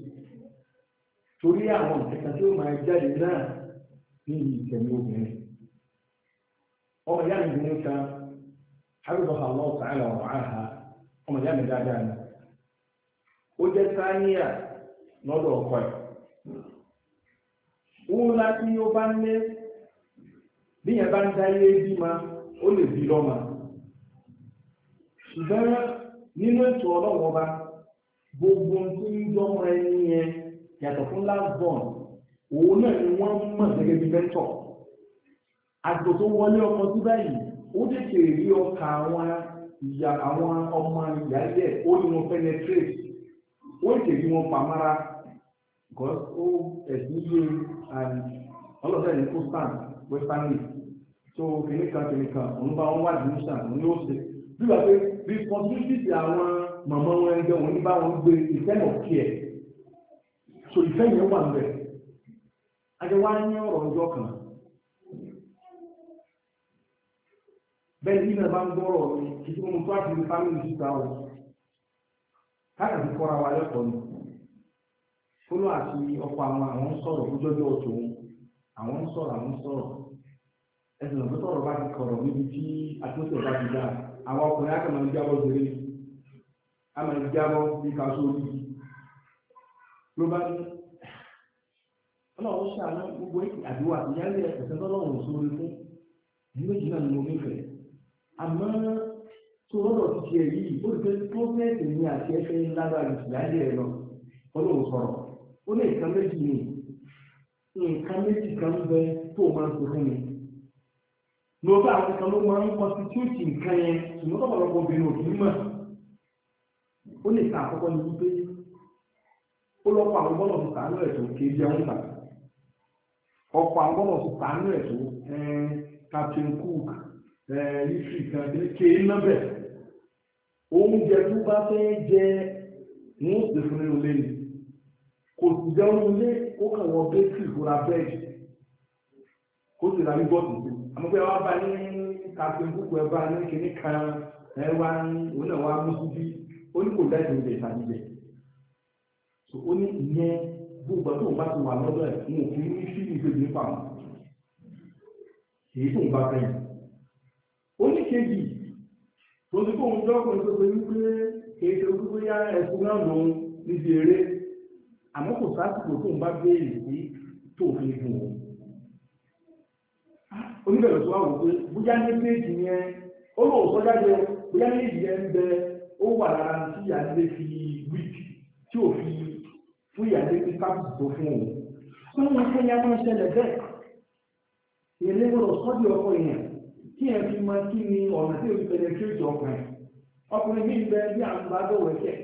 torí àwọn nǹkan tí ó máa jáde náà ní ìtẹ̀mí obìnrin ọmọ ìyá mi bìnrin kan àrùbọ̀ àwọn ọ̀tà ọ̀rọ̀ àhà ọmọ ìyá mi dáadáa ni ó jẹ́ sáníà lọ́dọ̀ ọkọ ẹ̀ òun láti ó bá ń lé bí yẹn bá ń dáyé bí ma ó lè bí lọ́mà ṣùgbọ́n nínú ètò ọlọ́wọ́ bá gbogbo ohun tó ń yàtọ̀ fún lásbọ̀n òun náà ni wọ́n mọ̀ gẹ́gẹ́ bí mẹ́tọ̀ àgbò tó wọlé ọkọ̀ sí báyìí ó tètè rí ọkà àwọn ìyá àwọn ọmọ ìyá yẹ ó ní wọn penetrate ó tètè rí wọn pamara because ó ẹ̀sìn yé and ọlọ́sẹ̀ ní coastal western league so kìnìkan kìnìkan òun bá wọn wá di nation òun ni ó ṣe bí wàá pé responsibility àwọn màmá wọn ẹgbẹ́ wọn ní bá wọn gbé ìfẹ́ náà kí ẹ̀. so ìfẹ́ yẹn wà ńbẹ̀ ajẹ́wá ọrụ ọ̀rọ̀ ọjọ́ kan bẹ́ẹ̀ ní ìlẹ̀ bá ń gbọ́rọ̀ kí tí wọ́n tó àti fámìlì wa lẹ́kọ̀ọ́ ni kóló àti ọkọ̀ àwọn àwọn ń sọ̀rọ̀ lójọ́jọ́ tòun àwọn ń sọ̀rọ̀ àwọn ń sọ̀rọ̀ ẹ̀sìn ndị ló bá ní ọlọ́run ṣàánú gbogbo àdúrà ìyáálé ẹ̀sẹ̀ tọ́lọ́run sórí fún méjì náà ni mo nífẹ̀ẹ́ àmọ́ tó lọ́dọ̀ ti ẹ̀ yìí ó ti pọ́fẹ́ẹ̀tì ní àti lágbára ẹ̀ lọ ọlọ́run sọ̀rọ̀ ó ní nǹkan méjì ni nǹkan méjì kan bẹ tó máa ń sọ mi ló bá àwọn kan ló máa ń constitute nǹkan yẹn ṣùgbọ́n obìnrin òkú mọ̀ ó ó lọ́pọ̀ àwọn bọ́lọ̀ tó sàánú ẹ̀ tó kì í jẹun nígbà ọ̀pọ̀ àwọn bọ́lọ̀ tó cook yìí kan kì í lọ́bẹ̀ oúnjẹ tó bá fẹ́ jẹ ní ìfúnni olè ni kò sì jẹun ilé ó kàn wọ bẹ́ẹ̀kì ìfura bẹ́ẹ̀dì kó sì ra ní bọ́ọ̀tù tó àmọ́pẹ́ wa bá ní captain cook ẹ̀ bá ní kíní kan ẹ̀ wá ní òun náà bí ó ní kò dáìsí oúnjẹ ìtàgé so ó ní ìyẹn gbogbo tó ń bá ti wà lọ́dọ̀ ẹ̀ ń òfin ní sí ìgbèjì nípa wọn èyí tó ń bá fẹ́ yìí ó ní kejì tó ti kó òun jọ́kùnrin tó pe wípé èyí tó gbogbo yá ẹ̀kú náà lòun níbi eré àmọ́ kò sásìkò tó ń bá béèrè sí tó fi gùn òun oníbẹ̀rẹ̀ tó wà wò pé bóyá ní méjì yẹn ó lóun sọ jáde bóyá méjì yẹn ń bẹ ó wà lára tí ìyá nílé fi wíìkì tí ò fi fún ìyàlẹ́ bí káàkiri tó fún òun fún wọn kí ẹyà máa ṣẹlẹ̀ bẹ́ẹ̀ èlé gbọdọ̀ sọ́dí ọkọ èèyàn kí ẹ fi máa kí ni ọ̀nà tí òun tẹ̀lé kí òjò ọkùnrin ọkùnrin bí ibẹ̀ bí àwọn bá dọ̀wọ̀ ẹ̀kẹ́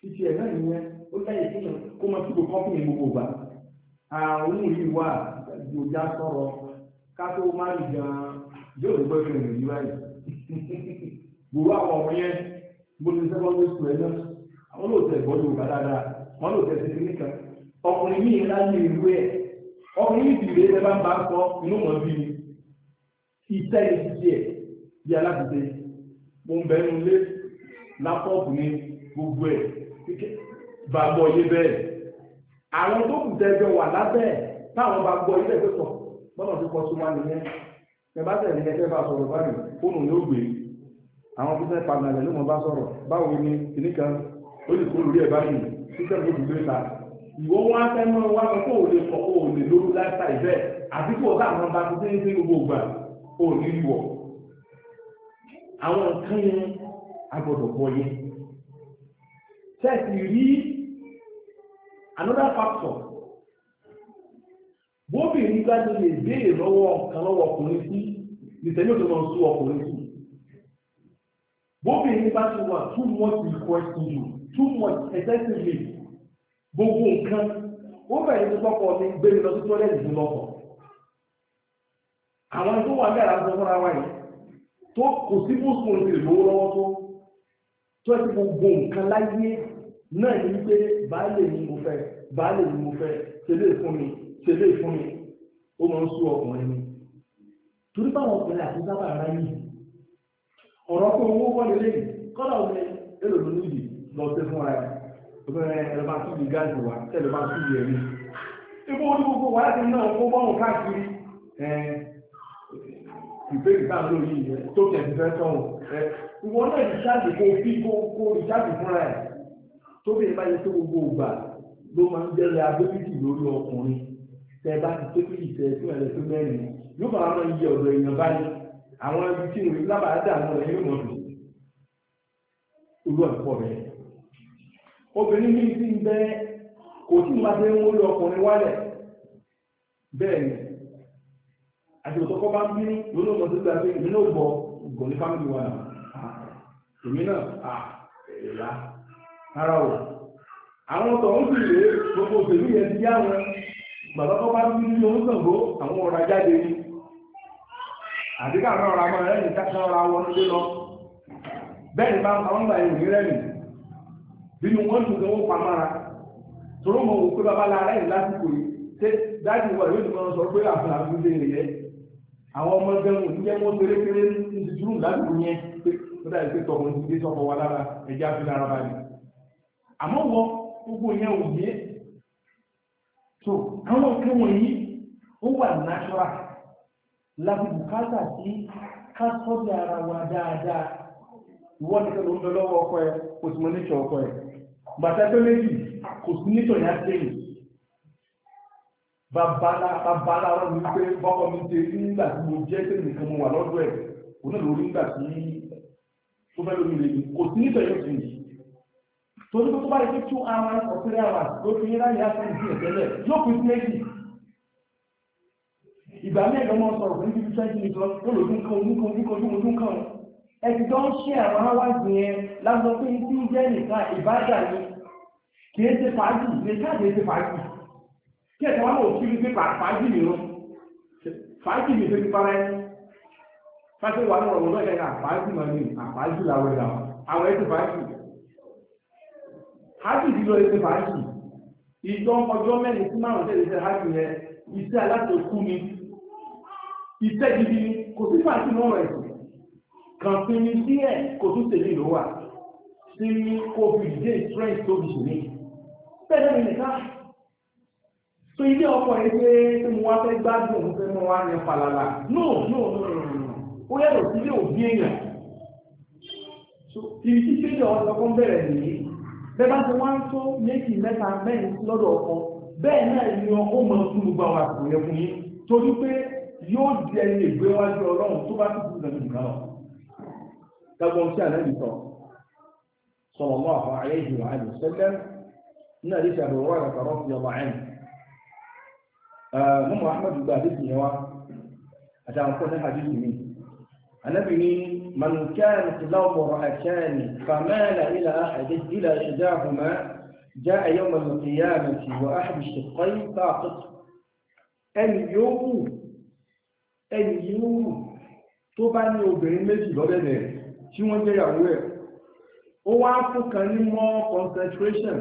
títí ẹ̀ náà nìyẹn ó láyé kí kó máa túbọ̀ kọ́ fún gbogbo gbà àwọn yìí wà ìjòjá sọ̀rọ̀ ká tó má rí gan-an yóò rí bọ́ọ̀fẹ́ rẹ̀ yí báyìí gbogbo àwọn ọmọ yẹn gbogbo sẹ́kọ̀ọ́ wọn ló tẹ̀sí sí nìkan ọkùnrin yìí ńlá ní ìwé ẹ̀ ọkùnrin yìí bìrì ẹ̀ bá ń bá ń sọ inú wọn bí ìtẹ́ ìdíje ẹ̀ bí alábùdé mo ń bẹ nu lé lápọ́ọ̀pù ní gbogbo ẹ̀ bá gbọ́ yé bẹ́ẹ̀ àwọn tó kù tẹ́jọ wà lábẹ́ táwọn bá gbọ́ ilé ẹgbẹ́ sọ bọ́nà tó kọ sí wa nìyẹn ẹ bá tẹ̀lé ẹgbẹ́ bá sọ̀rọ̀ báyìí fóònù àwọn bísẹ̀ pàmìlẹ̀ ló mọ̀ bá sọ̀rọ̀ báwo ni kìnnìkan ó lè kó lórí ẹ̀ báyìí títẹ́ gbogbo mẹ́ta ìwọ wọn á fẹ́ mọ́ wá sọ pé òun lè kọ́ òun lè lóru láìsá ìbẹ́ àti kó ọ̀gá àwọn ọba tó tẹ́lẹ̀ sí gbogbo ìgbà òun ní wọ̀ àwọn nǹkan yẹn agbọ́dọ̀ bọ́ yẹn tẹ́sí rí another factor bóbìnrin bá ti lè béèrè lọ́wọ́ kan lọ́wọ́ ọkùnrin sí ìtẹ́lẹ̀ òtún lọ sí ọkùnrin sí bóbìnrin bá ti wà too much request to you too much excessively gbogbo nǹkan ó bẹ̀rẹ̀ ní pọ́pọ̀ ní gbé mi lọ sí tọ́lẹ̀tì fún lọ́pọ̀ àwọn tó wà bẹ́ẹ̀ láti fúnra wáyé tó kò sí bóṣùn ti lówó lọ́wọ́ tó tó ẹ̀ tí gbogbo nǹkan láyé náà ní pé baálé ni mo fẹ́ baálé ni mo fẹ́ tẹ́lẹ̀ fún mi tẹ́lẹ̀ fún mi ó máa ń sú ọkùnrin mi torí báwọn ọkùnrin àti sábà ráyè ọ̀rọ̀ pé owó wọlé lẹ́yìn kọ́lá òun ẹ̀ lòlò lọ sí fún ẹ obìnrin ẹ̀rọ bá túbi gáàsì wá tẹ̀lé bá túbi ẹ̀rí ipò orí gbogbo wà láti náà kó bọ́ọ̀n káàkiri ìbéèrè bá yìí tó tẹ̀ fẹ́ ìwọ náà ìṣáàjì kó bí kó kó ìṣáàjì fúnra ẹ̀ tó bẹ̀rẹ̀ báyìí tó gbogbo ògbà ló máa ń jẹ́rẹ̀ abébìtì lórí ọkùnrin tẹ́ bá ti tó bí ìtẹ́ fún ẹ̀rẹ́ tó mẹ́rin yóò bá wọn yẹ ọ̀dọ̀ èèyàn báyìí àwọn ibi tí ìrìn lábàá dà wọn yóò mọ̀ olú ẹ̀kọ́ rẹ̀ obìnrin ní ti ń bẹ kò tí wọ́n ti ń wọ́n lọ ọkùnrin wálẹ̀ bẹ́ẹ̀ ni àṣìkòtọ́kọ́ bá ń bí lónà ọmọ tó gbà pé èmi náà bọ̀ gọ̀ ní fámìlì wa náà èmi náà à èlà ara ò àwọn ọ̀tọ̀ ń sì rèé gbogbo òṣèlú yẹn ti yá wọn gbàdọ́kọ́ bá ń bí ní ohun sàngó àwọn ọ̀rọ̀ ajáde ni àdíkà náà ra mọ́ ẹ̀rẹ́ni káṣá ọ̀rọ̀ àwọn ọdún lọ bẹ́ẹ̀ ni bá ń pa wọ́n gbà yẹn òní rẹ́ni nínú wọn tún gan ó pa mára tòró mọ òkú bàbá lára ẹ̀ lásìkò yìí ṣé dájú wà yóò tún sọ pé àfúnà àbúlé rẹ̀ yẹ àwọn ọmọ gan òní jẹ́ mọ́ péréperé ní ti dúró lásìkò yẹn pé ó dàbí pé tọkọ ní ti tọkọ wa lára ẹja fi lára balẹ̀ àmọ́ wọ gbogbo yẹn ò yẹ so àwọn òkè wọ̀nyí ó wà natural lábùkátà sí ká sọ́dọ̀ ara wa dáadáa ìwọ́n nìkan ló ń lọ lọ́wọ́ ọkọ ẹ̀ òtùmọ̀ níṣọ̀ ọkọ ẹ̀ gbàtẹ́gbẹ́ méjì kò sí nítò ní àtẹ́yìn babalá wọn ni pé bọ́kọ mi ṣe nígbà tí mo jẹ́ pé nìkan mo wà lọ́dọ̀ ẹ̀ kò náà lórí nígbà tí tó fẹ́ lómi lè ní kò sí nítò yóò sì yìí torí tó bá yẹ two hours or three hours ló fi yín láyé àtẹ́yìn ìtẹ́lẹ̀ yóò fi sí méjì ìgbà mẹ́ẹ̀ẹ́dọ́gbọ̀n sọ̀rọ̀ fún ibi tí wọ́n ti ń sọ ẹ̀dùjọ́ ń ṣe àwọn awájú yẹn lásọ pé ibi jẹ́ nìkan ìbádà ni kìí ṣe fàájì nìkan kìí ṣe fàájì kí ẹ̀sẹ̀ wọn ò kí wípé fàájì nìyó fàájì nìyó fi para ẹni fàájì wà ní ọ̀rọ̀ lọ́yẹ̀ ní àfàájì máa ní àfàájì làwọn ẹ̀dà àwọn ẹ̀sẹ̀ fàájì fàájì nílò ẹ̀sẹ̀ fàájì ìjọ ọjọ́ mẹ́rin sí márùn-ún ṣe fàájì yẹn iṣẹ́ aláṣẹ kú ni iṣẹ́ gidi kò sí fàájì mọ́ kàn fi ní sí ẹ̀ kò tún tèmi ló wà sí covid dé strength tó fi sùn ní bẹ́ẹ̀ ni nìkan so ilé ọkọ yìí pé tí mo wá fẹ́ gbádùn òun fẹ́ mọ́ wá yẹn falala no no no ó yàtọ̀ sí ilé òbí èèyàn so ibi tí tí ìjọ ọkọ bẹ̀rẹ̀ nìyí bẹ́ẹ̀ bá ti wá ń tó méjì mẹ́ta mẹ́rin lọ́dọ̀ ọkọ bẹ́ẹ̀ náà ni ọkọ mọ fún gbogbo àwọn àkùnrin ẹkùnrin torí pé yóò di ẹni ìgbéwájú ọlọ́run tó bá ti kú lẹ́nu nìkan كبر سنة لفرق صلى الله عليه وآله وسلم نالس أبو رائعة رضي الله عنه هم أحمد بابتني هو أتى أقول لها جزء منه النبي من, من كانت له مرأتان فمال إلى أحد إلى إحداهما جاء يوم القيامة وأحد الشقين فاقط أن يوم أن يوم طبعا يوم بين مجد وبين مجد tí wọ́n jẹ́ ìyàwó ẹ̀ ó wá fún ní more concentration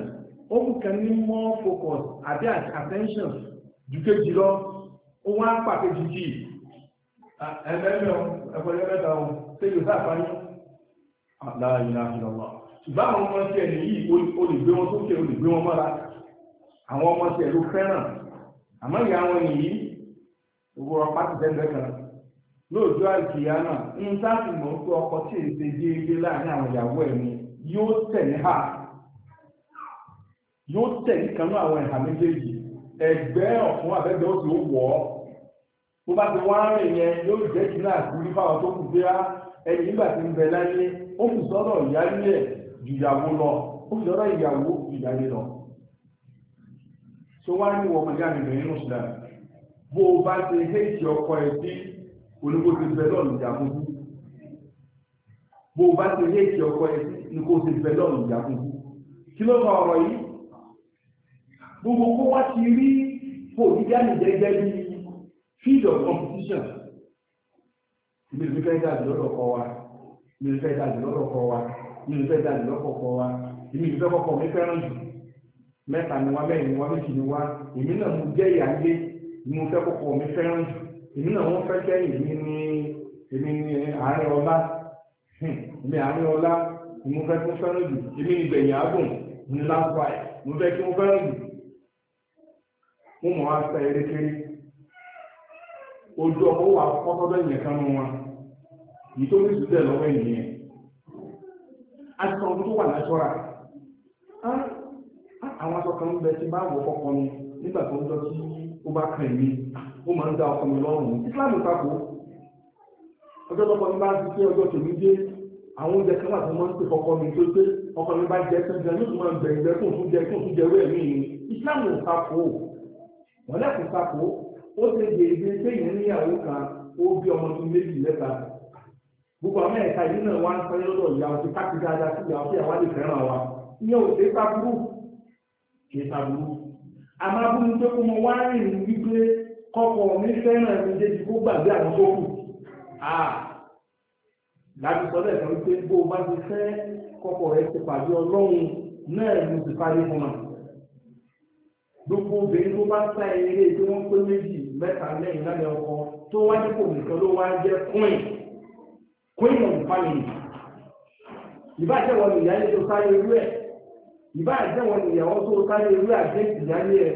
ó fún kan ní more focus àbí attention ju kejì lọ ó wá pàkejì kì í ẹ̀mẹ́mẹ́ ẹ̀fọ́lẹ́ mẹ́ta ohun tí yóò sáà fáyé láàrínláàrínlọ́wọ́ ṣùgbọ́n àwọn ọmọ tí ẹni yìí ó lè gbé wọn sókè ó lè gbé wọn mọ́ra àwọn ọmọ tí ẹ̀lú fẹ́ràn àmọ́ ìyá wọn nìyí gbogbo ọpá ti tẹ́gbẹ́ kan lóòjọ́ àìkìyà náà ń láti mọ̀ pé ọkọ tí ì ṣe déédéé láàrin àwọn ìyàwó ni yóò tẹ̀lé hà yóò tẹ̀lé kanú àwọn ẹ̀hà méjèèjì ẹ̀gbẹ́ ọ̀fun àbẹ́gbẹ́ ó sì ó wọ̀ ọ́ bó bá ti wá rìn yẹn yóò jẹ́ kí náà fáwọn tó kù lọ ó fi sọ́dọ̀ ìyàwó lọ. wá ní wọ́n mọ̀ o ọkọ oníkó ti fẹ́ lọ́nà ìjàkùn kú bó o bá ti lé ìkì ọkọ ẹ ní kó o ti fẹ́ lọ́nà ìjàkùn kú kí ló fa ọ̀rọ̀ yìí gbogbo kó wá ti rí fò gíga ní gẹ́gẹ́ bí field of competition mi ò fẹ́ dàbí lọ́dọ̀ kọ wa mi ò fẹ́ dàbí lọ́dọ̀ kọ wa mi ò fẹ́ dàbí lọ́dọ̀ kọ wa èmi ò mẹ́ta ni wá mẹ́rin ni wá méjì ni wá èmi náà mo jẹ́ ìyá ni mo fẹ́ kọ́kọ́ mi fẹ́ràn jù èmi náà wọ́n fẹ́ kẹ́yìn mi ní èmi ní ààrẹ ọlá èmi ààrẹ ọlá ni mo fẹ́ kí wọ́n fẹ́ràn jù èmi ní gbẹ̀yìn àgùn ní lápá ẹ̀ mo fẹ́ kí wọ́n fẹ́ràn jù mo mọ̀ wá sẹ́ erékeré ojú ọkọ̀ wà kọ́kọ́dọ̀ ìyẹn kan mú wọn yìí tó ní ìsúdẹ̀ lọ́wọ́ ìyẹn aṣọ ọdún tó wà láṣọ́ra àwọn aṣọ kan ń bẹ tí bá wọ̀ kọ́kọ́ ni nígbà tó ń lọ sí ó bá kàn mí ó máa ń dá ọkọ̀ lọ́rùn ìsìláàmù tako ọjọ́ tọ́kọ mi bá ń ṣiṣẹ́ ọjọ́ tèmi dé àwọn oúnjẹ kan wà tó ń pè kọ́kọ́ mi tó pé ọkọ mi bá jẹ sẹ́ńdẹ̀ yóò tún máa ń bẹ̀rẹ̀ fún òtún jẹ fún òtún jẹ wẹ́ẹ̀ mí ni ìsìláàmù tako wọ́n lẹ́kùn tako ó ṣe dèédé téèyàn níyàwó kan ó bí ọmọ tó méjì lẹ́ta gbogbo àwọn ẹ̀ka ìlú náà wá ń sáré lọ́dọ̀ ìyàwó ti káàkiri dáadáa sí ìyàwó tí àwa lè wa ìyẹn ò ṣe é sábúrú ṣe é sábúrú àmọ́ abúlé tó kó mọ wá rìn wípé kọ́kọ́ mi fẹ́ràn mi débi kó gbàgbé àwọn tó kù láti sọ lẹ́ẹ̀kan wípé bó o bá ti fẹ́ kọ́kọ́ rẹ̀ ti pàdé ọlọ́run náà ló ti parí fún wa gbogbo obìnrin tó bá ń sá eré tí wọ́n pé méjì mẹ́ta lẹ́yìn lábẹ́ ọkọ tó wá ní kò nìkan ló wá jẹ́ queen queen of family ìbá jẹ́wọ́ nìyá yẹn tó sáré irú ẹ̀ ìbá jẹ́wọ́ nìyàwó tó sáré irú àgbẹ̀tì ìyá yẹn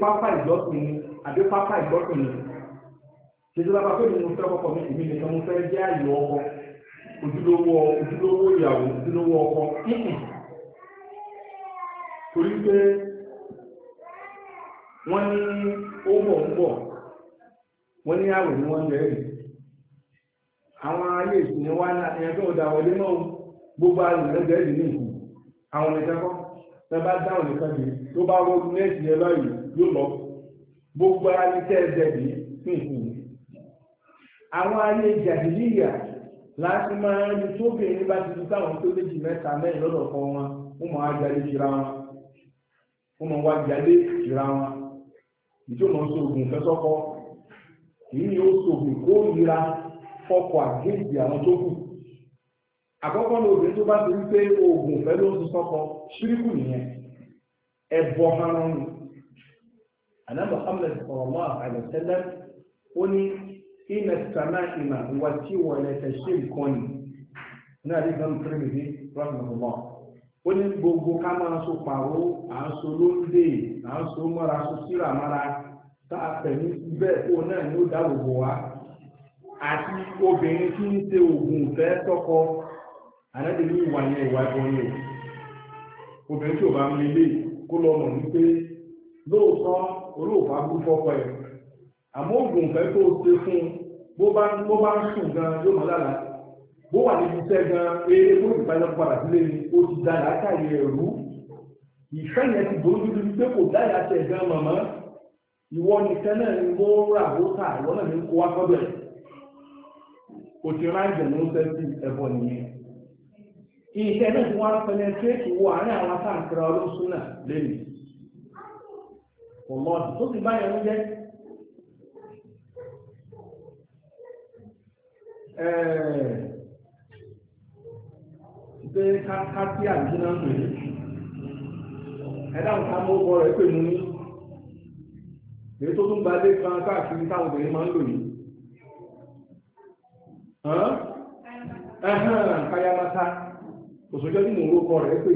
pápá ìjọsìn ni àbí pápá ìjọsìn ni ṣètò bàbá pé mo fẹ́ ọkọ mi èmi nìkan mo fẹ́ jẹ́ àyè ọkọ ojúlówó ojúlówó ìyàwó ojúlówó ọkọ torí pé wọ́n ní ó bọ̀ ń bọ̀ wọ́n ní àwẹ̀ ni wọ́n bẹ̀rẹ̀ àwọn ayé ìsìn wa ní ẹgbẹ́ ọ̀dà wọlé náà gbogbo àrùn lẹ́gbẹ̀ẹ́ ìdí nìkú àwọn ìjẹ́kọ́ tẹ bá dáhùn nìkan jù tó bá wọ́n nẹ́ẹ̀sì ẹ lọ́yìí ló lọ gbogbo ara ní tẹ́ ẹ bẹ̀bí fún ìkùn. àwọn ayé jàdìlíyà láti máa ń rí tóbìnrin bá ti di táwọn tó méjì mẹ́ta mẹ́rin lọ́dọ̀ kan wọn wọ́n máa wá jalè jìra wọn wọ́n máa wá jalè jìra wọn ìjọ máa ń sọ̀gùn fẹ́sọ́kọ́ èyí ni ó sọ̀gùn kó nira fọkọ̀ àgéjì àwọn tó kù àkọ́kọ́ ní obìnrin tó bá ti rí pé oògùn fẹ́ ló ń sọ sọ́kọ ṣíríkù nìyẹn ẹ̀bọ haran ni àná Muhammad sallallahu alaihi wasallam ó ní ìmẹ̀ sàmà ìmà ìwà tí wọ́n lẹ̀ tẹ̀ ṣe nǹkan ni ní àdìgbà ń pèrè nìyí rahmanullah ó ní gbogbo ká máa so pàrọ̀ à ń so lóńdè à ń so mọ́ra so síra mọ́ra tá a pẹ̀lú bẹ́ẹ̀ kó náà ni ó dáàbò bò wá àti obìnrin tí ń ṣe oògùn fẹ́ tọkọ àdáde ní ìwà yẹn ìwà ẹ̀kọ́ ni o obìnrin tí ò bá ń lélẹ̀ kó lọ mọ̀ wípé lóòótọ́ olóòfà bú fọ́pọ̀ ẹ̀ àmọ́ ògùn fẹ́ tó ṣe fún bó bá ń sùn gan yóò mọ́ lára bó wà níbi iṣẹ́ gan eré bó ìbájọ́ padà sílé ni ó ti da làákàyè ẹ̀rú ìfẹ́ yẹn ti bójú dúdú pé kò dáyà tẹ̀ gan màmá ìwọ nìkan náà ni mo rà bó ta ìwọ náà ni kó wá sọ́dọ̀ ẹ̀ kò ti ráńjẹ̀ ní oúnjẹ sí ẹ̀bọ nìyẹn iṣẹ́ náà ti wá pẹlẹ tí èkó wọ àárín àwọn sáǹkìrà ọlọ́sùn náà lẹ́yìn ọlọ́ọ̀dù tó ti báyẹ̀ oúnjẹ pé ká sí àjíná ń pè ẹ̀dá nǹkan mọ́ ọkọ pè mú ní èyí tó tún gba dé kan káàkiri táwọn obìnrin máa ń lò yìí kayamata òṣòjọ́ tí mò ń pè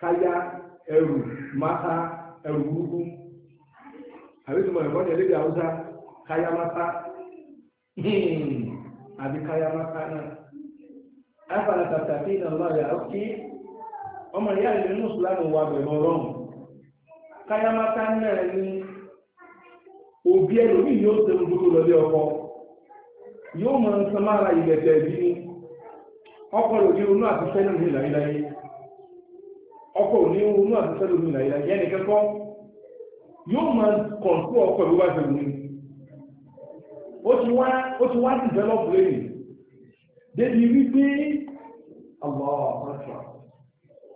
káyá ẹrù mata ẹrù àbíkú mọ̀ ẹ̀kọ́ tẹ̀lé ìdáwúsá káyámáká àbí káyámáká afala tàbí ìdánláyà ọkí ọmọ ìyá ìlú mùsùlùmí wà bẹ̀rẹ̀ ọlọ́run káyámáká náà ní òbí ẹlòmí yóò ṣe ń dúró lọlé ọkọ yóò mọ ọkọ àti fẹ́lẹ̀ ní àti ní yóò máa kọ̀ǹtú ọkọ̀ ìwé bá ṣe wù ní ó ti wá ó ti wá develop lẹ́yìn débi wípé àwọn ọ̀pọ̀lọpọ̀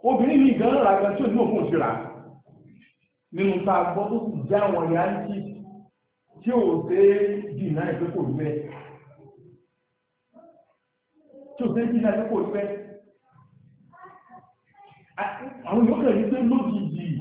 obìnrin ní ìgbà náà ràgbà tí ó ní òkú òṣìrà nínú ta gbọ́ tó sì já wọn ní àǹtí tí ó dé dì náà ìpé kò rí bẹ́ẹ̀ tí ó dé dì náà ìpé kò rí bẹ́ẹ̀ àwọn yóò kẹ̀lé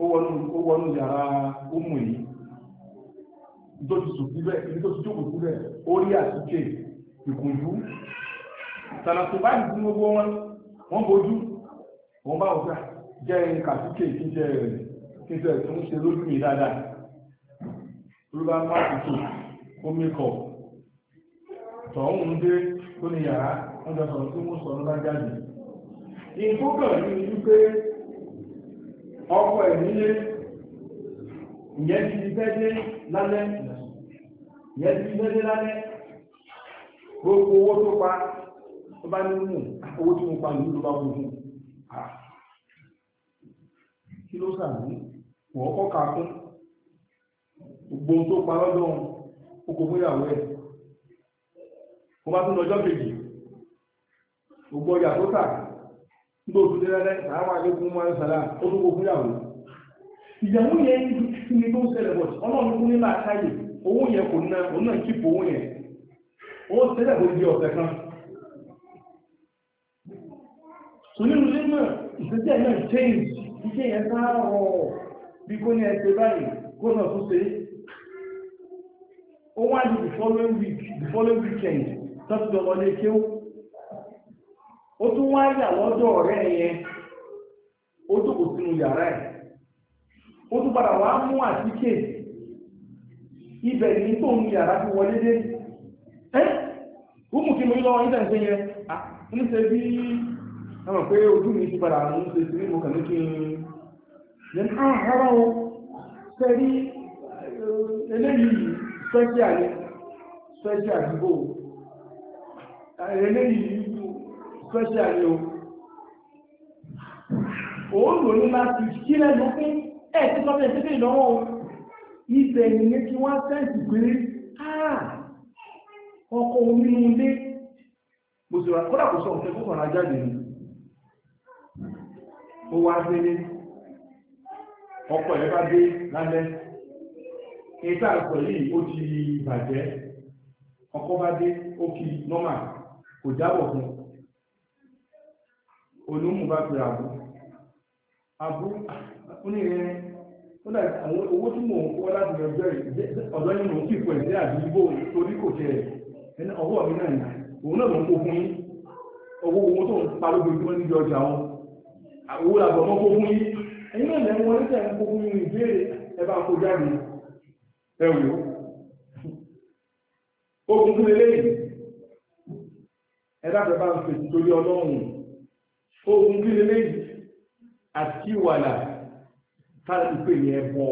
ó wọnú yàrá ọmọ yìí tó ti sùn síbẹ̀ ní tó ti jókòó síbẹ̀ ó rí àtúnṣe ìkùnjú tànàtò báyìí fún gbogbo wọn wọ́n bojú wọ́n bá ọ̀gá jẹ́ kàtúkè kíjẹ́ rẹ̀ kíjẹ́ tó ń ṣe lójú mi dáadáa olúbá má tuntun ó mẹ́kọ̀ tọ̀hún dé tó ní yàrá wọ́n jọ sọ̀rọ̀ tí wọ́n sọ̀rọ̀ lájáde ìfúkàn ní wípé ọkọ̀ ẹ̀ nílé ti fẹ́ dé lálẹ́ ti fẹ́ dé lálẹ́ gbogbo owó tó pa tó bá nínú owó tí mo pa nínú ló bá wù mí kí ló sàmì wọ́n kọ́ fún gbogbo tó pa lọ́dọ̀ oko fún ìyàwó ẹ̀ mo bá tún lọ́jọ́ kejì gbogbo ní òfin na àwọn àgbẹ̀kùn wọn nwa nsara fún yàwó ìyàwó yẹn ní tó ń ṣẹlẹ̀ bọ̀ ọlọ́run fún nílà àtàyè owó yẹn kò ná òun náà kíkò owó yẹn ó ṣẹlẹ̀ n'ime di ọ̀sẹ̀ ó tún wá yà lọ́jọ́ ọ̀rẹ́ yẹn ó jókòó sínú yàrá ẹ̀ ó tún padà wá mú àtíkè ibẹ̀ ní tó ń yàrá fi wọlé dé ẹ́ gúnmù kí mo yí lọ́wọ́ nígbà yẹn ṣe bí pé ojú mi ti padà ṣe sí ní kí ní ah, o eléyìí special ni o òun lò ní láti kí lẹ́nu pé ẹ̀ tí wọ́n fẹ́ tẹ́tẹ́ ìdánwò ibẹ̀ nìyẹn kí wọ́n sẹ́ǹtì pé ah, ọkọ̀ omi nínú ilé mo sì rà kọ́dà kò sọ ọ̀fẹ́ kọ́kànlá jáde ni ó wá délé ọkọ̀ ẹ̀ bá dé lálẹ́ ìta àpọ̀ yìí ó ti bàjẹ́ ọkọ̀ bá dé ó kì nọ́mà kò jábọ̀ fún olóhùn bá pe àbú àbú onírẹ́ ó dà àwọn owó tí mò ń kọ́ láti lọ jẹ́ ọ̀dọ́ yìí mò ń fìfọ̀ ẹ̀ sí àdúgbò torí kò jẹ́ ẹni ọwọ́ mi náà nà òun náà ló kó fún yín owó owó tó ń pa lójoojúmọ́ níbi ọjà wọn owó làbọ̀ mọ́ kó fún yín ẹ̀yin náà lẹ́nu wọn níta kó fún yín ìbéèrè ẹ kó jáde ẹ ó ogun fún eléyìí ẹ dábẹ́ bá ń fèsì torí ọlọ́run ogun bí lélẹ́yìí àti wàlà táàbí pè ní ẹbọ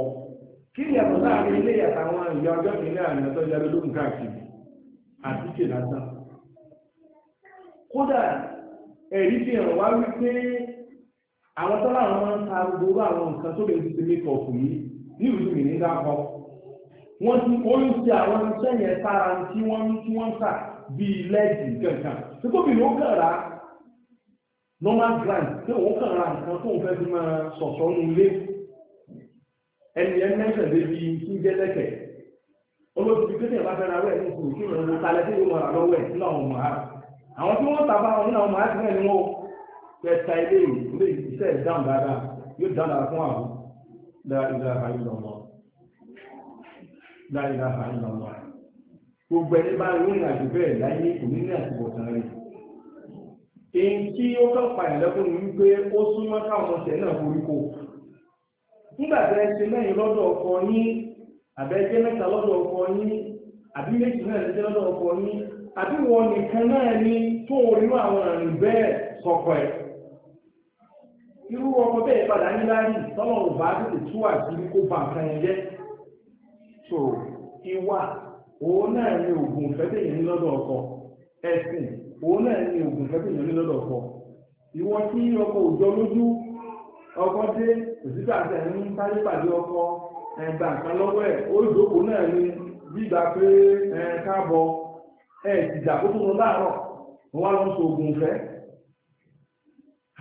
kí ni ẹ̀bọ̀ láàrin ilé àtàwọn ìyá ọjọ́ ìpínlẹ̀ àmì ọ̀tọ́ ìyá lódún káàkiri àti kè lásán kódà ẹ̀rí fi hàn wá wípé àwọn tọ́lá àwọn máa ń ta gbogbo àwọn nǹkan tó lè ṣe mí kọ̀ọ̀kù yìí ní ìlú mi ní dákọ̀ wọ́n ti orí ti àwọn iṣẹ́ yẹn sára tí wọ́n ń tà bíi lẹ́ẹ̀dì kankan tí kò bìnrin ó kàn rà á normal grant pé òun kàn ra nǹkan tóun fẹ́ fi máa sọ̀sọ́ nu ilé ẹni ẹni mẹ́sàn-án débi kí ń jẹ́ lẹ́kẹ̀ẹ́ olóòtú kéde ìbá fẹ́ ra wẹ̀ ní ìkùrù kí ìrànwọ́ talẹ́ tí yóò máa lọ́wọ́ ẹ̀ nínú àwọn ọmọ àá àwọn tí wọ́n ta wọn nínú àwọn ọmọ àá ti rẹ̀ ni fẹ́ ta ilé ilé iṣẹ́ ìdáhùn dáadáa yóò dáadáa fún àwọn dáadáa ìlànà ìlànà gbogbo ẹni bá rí ìrìn àjò bẹ́ẹ̀ láyé kò ní ní rẹ̀ èyí tí ó kàn pààyàn lẹ́kùn ní wípé ó súnmọ́ káwọn ọmọ tẹ̀ náà foríkò nígbà tẹ́ ẹ ṣe lọ́dọ̀ ọkọ yín àbẹ́jẹ́ mẹ́ta lọ́dọ̀ ọkọ yín àbí méjì náà lè lọ́dọ̀ ọkọ yín àbí nìkan náà ni tó àwọn àrùn sọkọ ẹ̀ irú ọkọ bẹ́ẹ̀ padà ní tọ́lọ̀ ò bá tètè tú kó nǹkan jẹ́ ìwà òun náà ni ọkọ ẹ̀sìn òun náà ni ògùn fẹ́ tèèyàn nílọ́dọ̀ ọkọ ìwọ tí ọkọ òjọ lójú ọkọ dé ọkọ ẹgbà kan lọ́wọ́ ẹ̀ ó ìdókòó náà ni gbígbà pé ẹ káàbọ̀ ẹ ìjà kó tó lọ láàárọ̀ wá lọ ògùn fẹ́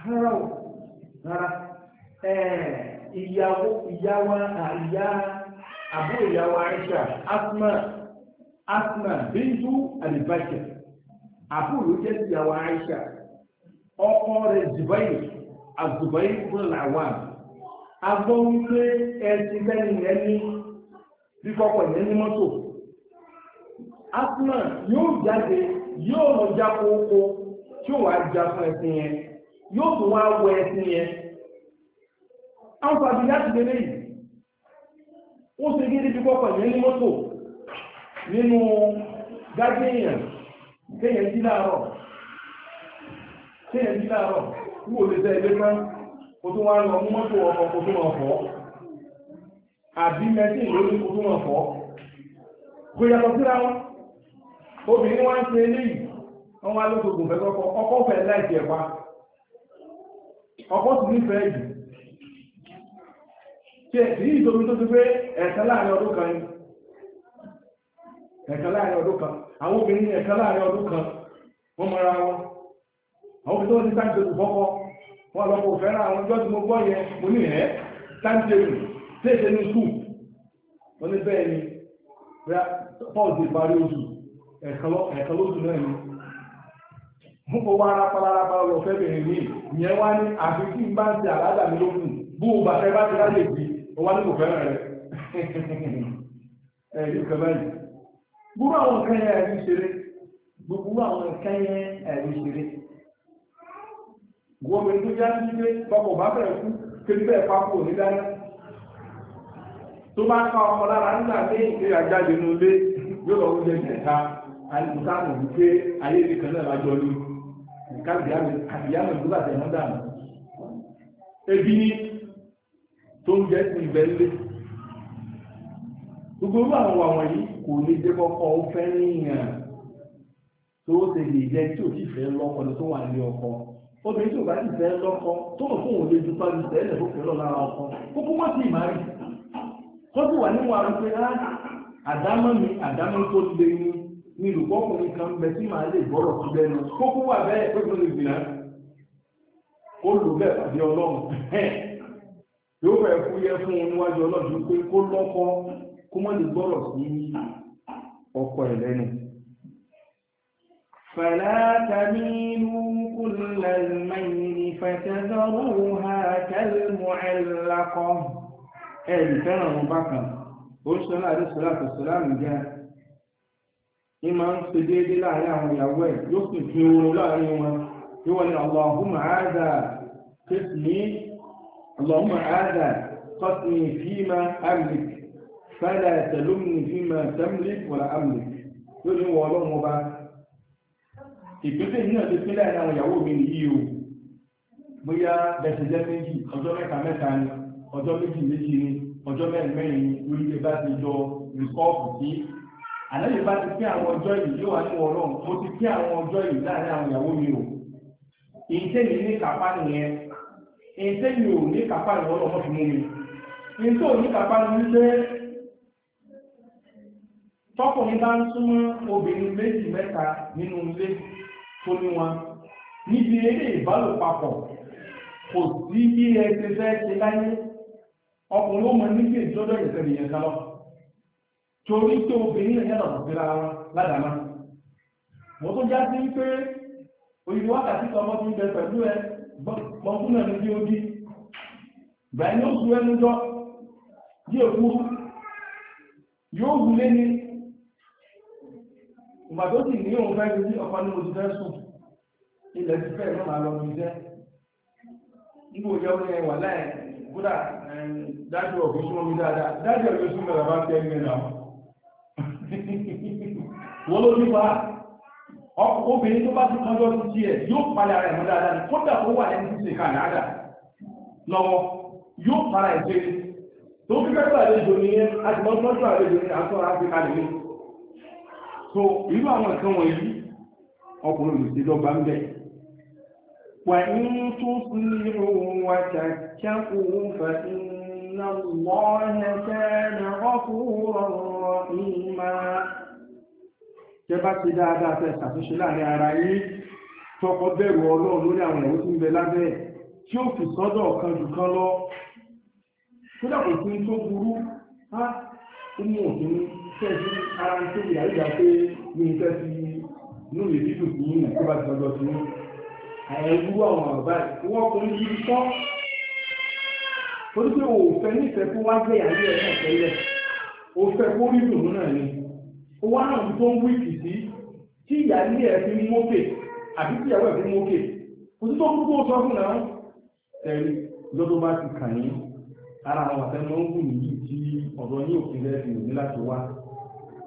rárá o rárá àbúrò jẹ́ ìyàwó Aisha ọkọ rẹ̀ Zubair azubair fún làwọn agbọ́ wípé ẹ̀sìn lẹ́yìn ẹni bí kọ́kọ́ ìyẹn ní mọ́tò asma yóò jáde yóò lọ já kókó tí ó wà já fún ẹ̀sìn yẹn yóò tún wá wọ ẹ̀sìn yẹn àǹfààní láti lélẹ̀ yìí ó ṣe gidi bí kọ́kọ́ ìyẹn ní mọ́tò nínú gájẹ́yàn kéèyàn jí láàárọ̀ kéèyàn jí láàárọ̀ wú ò lè ilé mọ́ tó wá lọ mú mọ́tò ọkọ̀ kó tó fọ́ àbí mẹ́tìn lórí kó tó lọ fọ́ kó yàtọ̀ síra obìnrin wá ń lóṣogùn fẹ́ tí kan àwọn obìnrin ẹ̀ka láàrin ọdún kan wọ́n mara wọn àwọn obìnrin tó ti táǹtì fọ́kọ́ wọn lọ fẹ́ràn àwọn ọjọ́ tí mo gbọ́ mo ní ẹ̀ tẹ́ẹ̀tẹ́ ní wọ́n ní bẹ́ẹ̀ ni paul parí oṣù lóṣù náà ni mú kó wá lọ fẹ́bìnrin ní ìyẹn wá ní àfi kí n bá ń o bá ti bí ní kò fẹ́ràn rẹ̀ gbogbo àwọn nǹkan yẹn ẹ̀rí ṣeré gbogbo àwọn nǹkan yẹn ẹ̀rí ṣeré gbogbo ẹni tó já sí pé bọ́pọ̀ bá bẹ̀rẹ̀ kú kébí bẹ́ẹ̀ pápó ní dáná tó bá ń ká ọmọ lára nígbà tí àjáde yóò lọ mọ̀ wípé ayé kan náà lájọ tẹ̀ wọ́n dànù ebi tó ń jẹ́ sí gbogbo àwọn kò lè dé kọ́kọ́ ó fẹ́ ríyàn tó ó tẹ̀lé jẹ́ tí ò sì fẹ́ lọ́kọ ni tó wà ní ọkọ obìnrin tí ò bá sì fẹ́ lọ́kọ tó ò fóun lè dúpá ju tẹ́lẹ̀ tó fẹ́ lọ lára ọkọ kókó mọ́ sí ìmárì kó sì wà níwà wípé á ah, àdámọ́ mi àdámọ́ tó le ní ní olùkọ́kùnrin kan bẹ tí màá lè gbọ́rọ̀ tó lẹ́nu kókó wà bẹ́ẹ̀ pé kó lè gbìyà ó lò bẹ́ẹ̀ pàdé ọlọ́run yóò fẹ́ fúyẹ́ fún un níwájú ọlọ́run pé kó lọ́kọ kó mọ́ lè gbọ́rọ̀ sí ọkọ ẹ̀ lẹ́nu فلا تميلوا كل الميل فتذروها كالمعلقة ẹ̀rì fẹ́ràn wọn bákan oríṣẹ́lá àdíṣẹ́lá àtọ̀sẹ́lá nìjẹ́ ní ma ń ṣe déédé láàrin àwọn ìyàwó ẹ̀ yóò allahumma aza kìtìní allahumma amlik fẹ́lẹ̀ tẹ̀lómi fi mọ̀ tẹ́mìlì wọ̀lá àmì tó ní wọ́n lọ́wọ́ bá ìpínlẹ̀ náà ti pínlẹ̀ àwọn ìyàwó mi nìyí o bóyá bẹ̀sẹ̀ jẹ́ méjì ọjọ́ mẹ́ta mẹ́ta ni ọjọ́ méjì méjì ni ọjọ́ mẹ́rin mẹ́rin ni orílẹ̀ bá ti jọ rìkọ́ọ̀fù sí tọkùnrin bá ń súnmọ́ obìnrin méjì mẹ́ta nínú ilé tó ní wọn níbi eré ìbálòpapọ̀ kò sí bí ẹ ti fẹ́ ṣe láyé ọkùnrin ó mọ níbi ìjọdọ̀ ìṣẹ̀lẹ̀ yẹn sálọ torí obìnrin yẹn lọ sí ra wọn ládàámá mo tó já sí pé wákàtí kan mọ́ fi bẹ pẹ̀lú ẹ ní bí ó bí ó ìgbà tó sì ní òun fẹ́ rí ọ̀pá ní oṣù fẹ́ sùn ilẹ̀ ti fẹ́ ìrọ̀lá lọ sí iṣẹ́ nígbò jẹ́ orí ẹwà láì kúrà dájú ọ̀gbọ́n súnmọ́ mi dáadáa dájú ọ̀gbọ́n súnmọ́ bàbá tẹ́ ẹgbẹ́ náà wọ́n ló ní wa obìnrin tó bá ti kọjọ́ sí tiẹ̀ yóò padà rẹ̀ mọ́ dáadáa kódà ó wà lẹ́nu sí kànáàdà lọ́wọ́ yóò padà ìṣe tó fi fẹ́ tó àlejò ní àlejò ní so irú àwọn nǹkan wọ̀nyí ọkùnrin olùsí lọ́gbà ń bẹ̀ wà ní tó fún irú wa tàkẹ́kù fàtí na lọ́ọ̀nà tẹ́ẹ̀nà ọkùnrin ọ̀rọ̀ bá ti ara yi tọkọ bẹ̀rù ọlọ́run lórí tí lábẹ́ ó fi sọ́dọ̀ jù kan lọ kódà kò sí tó burú á ó mú òfin tẹ́sí ara ń tóbi àríyá pé mi ń tẹ́sí inú mi dídùn kí ní tó bá ti lọ́jọ́ sí ní àyẹ̀wú àwọn àbá wọ́n kò ní yí tọ́ torí pé òfẹ́ nífẹ̀ẹ́ kó wá gbé àyè ẹ̀ náà tẹ́lẹ̀ òfẹ́ kó rí dùn náà ni ó wá náà tó ń wíìkì sí tí ìyá ilé ẹ̀ fi mókè àbí tí ìyàwó ẹ̀ fi mókè kò sí tó kú tó sọ fún náà tẹ̀lé lọ́dọ̀ bá ti kàn yín ara àwọn àtẹnumọ́ ń gùn yìí tí ọ̀dọ́ yóò fi rẹ́ ìròyìn láti wá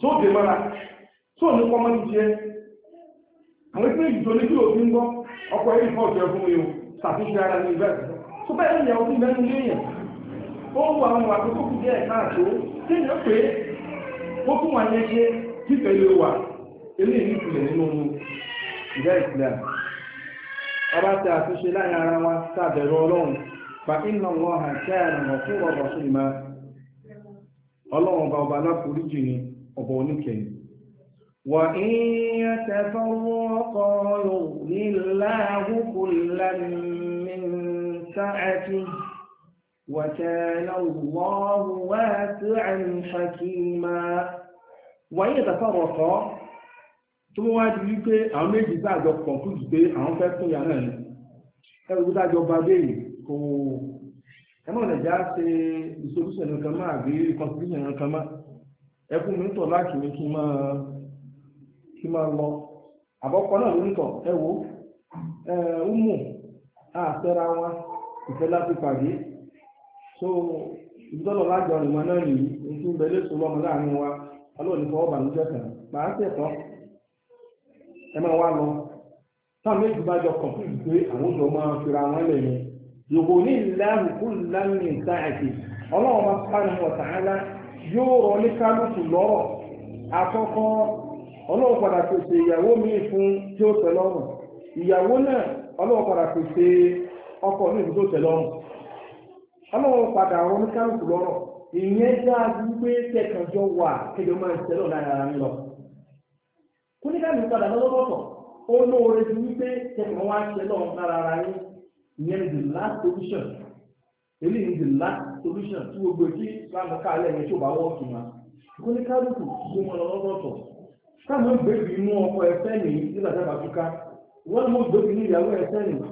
tó dè mọ́ra tó ní kọ́ mọ́ ti jẹ́ àwọn ìpín ìjọ ní kí o gbọ́ ọkọ̀ ẹ̀rí fọ́ ọ̀jẹ̀ fún yóò ṣàtúnṣe ara ní tó bẹ́ẹ̀ ní ó wù àwọn tí ìyẹn pé ó fún wa yẹn ṣe kí pẹ̀lú wa eléyìí ìpìlẹ̀ nínú ìpìlẹ̀ ọba a láàrin ara wa sábẹ̀rọ ọlọ́run fa iná wọn hàn kẹ́ ọ̀fún ọ̀rọ̀ sí ìmá ọlọ́run ọ̀bọ̀ oníkẹyìn wà ìyẹn tẹfọ́ ọkọ̀ yòówì láàrú kò lẹ́mí sáàtì وكان الله واسعا حكيما wọ́n yẹ̀ tẹfọ́ ọkọ̀ tó wá ṣe ìsolúṣẹ̀ nǹkan máa àbí ìkọ̀ǹkúrù nǹkan máa ẹkún mi ń tọ̀ láti ní kí máa lọ àbọ̀kọ náà ló ń tọ̀ ẹ wo ẹ ń wa ìfẹ́ láti pàdé so ìdọ́lọ̀ lájọ ìmọ̀ náà nìyí ní kí n bẹ lẹ́sùn lọ́mọ láàrin wa ọlọ́ọ̀ni fọwọ́ kan màá tẹ̀tọ́ ẹ máa wá lọ táwọn méjì bá jọ kàn fún àwọn máa yóò rọ ní kálukú lọ́rọ̀ àkọ́kọ́ ọlọ́run padà pèsè ìyàwó mi fún tí ó tẹ́ lọ́rùn ìyàwó náà ọlọ́run padà pèsè ọkọ ní ìlú tó tẹ́ lọ́rùn ọlọ́run padà rọ ní kálukú lọ́rọ̀ ìyẹn dáa wípé tẹ̀kànjọ wà kéde máa ń tẹ́lọ̀ lára ara ń lọ kúníkàlù padà lọ́lọ́tọ̀ ó lóore ju wípé tẹ̀kàn wá ń tẹ́lọ̀ lára ara yín ìyẹn is the last position èyí is the last solution tí gbogbo tí Islam kálẹ̀ ní tí ó bá wọ́ọ̀kì máa kó ní kálukú kó mọ lọ́rọ̀tọ̀ táwọn gbèbí ọkọ ẹfẹ́ nì nígbà tí a bá túká wọ́n mú gbèbí inú ìyàwó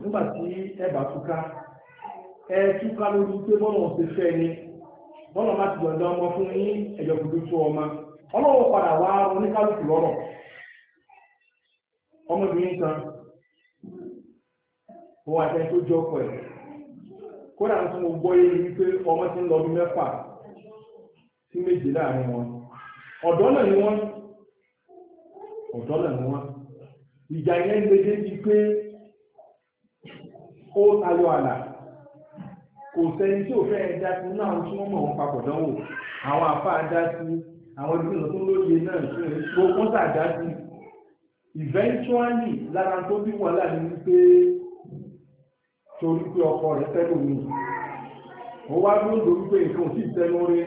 nígbà tí ẹ bá túká ẹ túká lórí pé ọ̀sẹ̀ fẹ́ ni má ti ọmọ fún yín tó kódà ń tún mo gbọ́ yé wípé ọmọ ti ń lọ bí mẹ́fà sí méje láàrin wọn ọ̀dọ́ náà ni wọ́n ọ̀dọ́ náà ni wọ́n ìjà yẹn ń lé débi pé ó tayọ àlà kò sẹ́ni tí ò fẹ́ dá sí náà tí wọ́n mọ̀ wọn papọ̀ dánwò àwọn àfa dá sí àwọn ìgbìmọ̀ tó lóye náà tí wọ́n kọ́ńtà dá sí eventually lára tó bí wàhálà ni wípé. torí pé ọkọ rẹ̀ tẹ́lù mi wá lórí pé nǹkan rí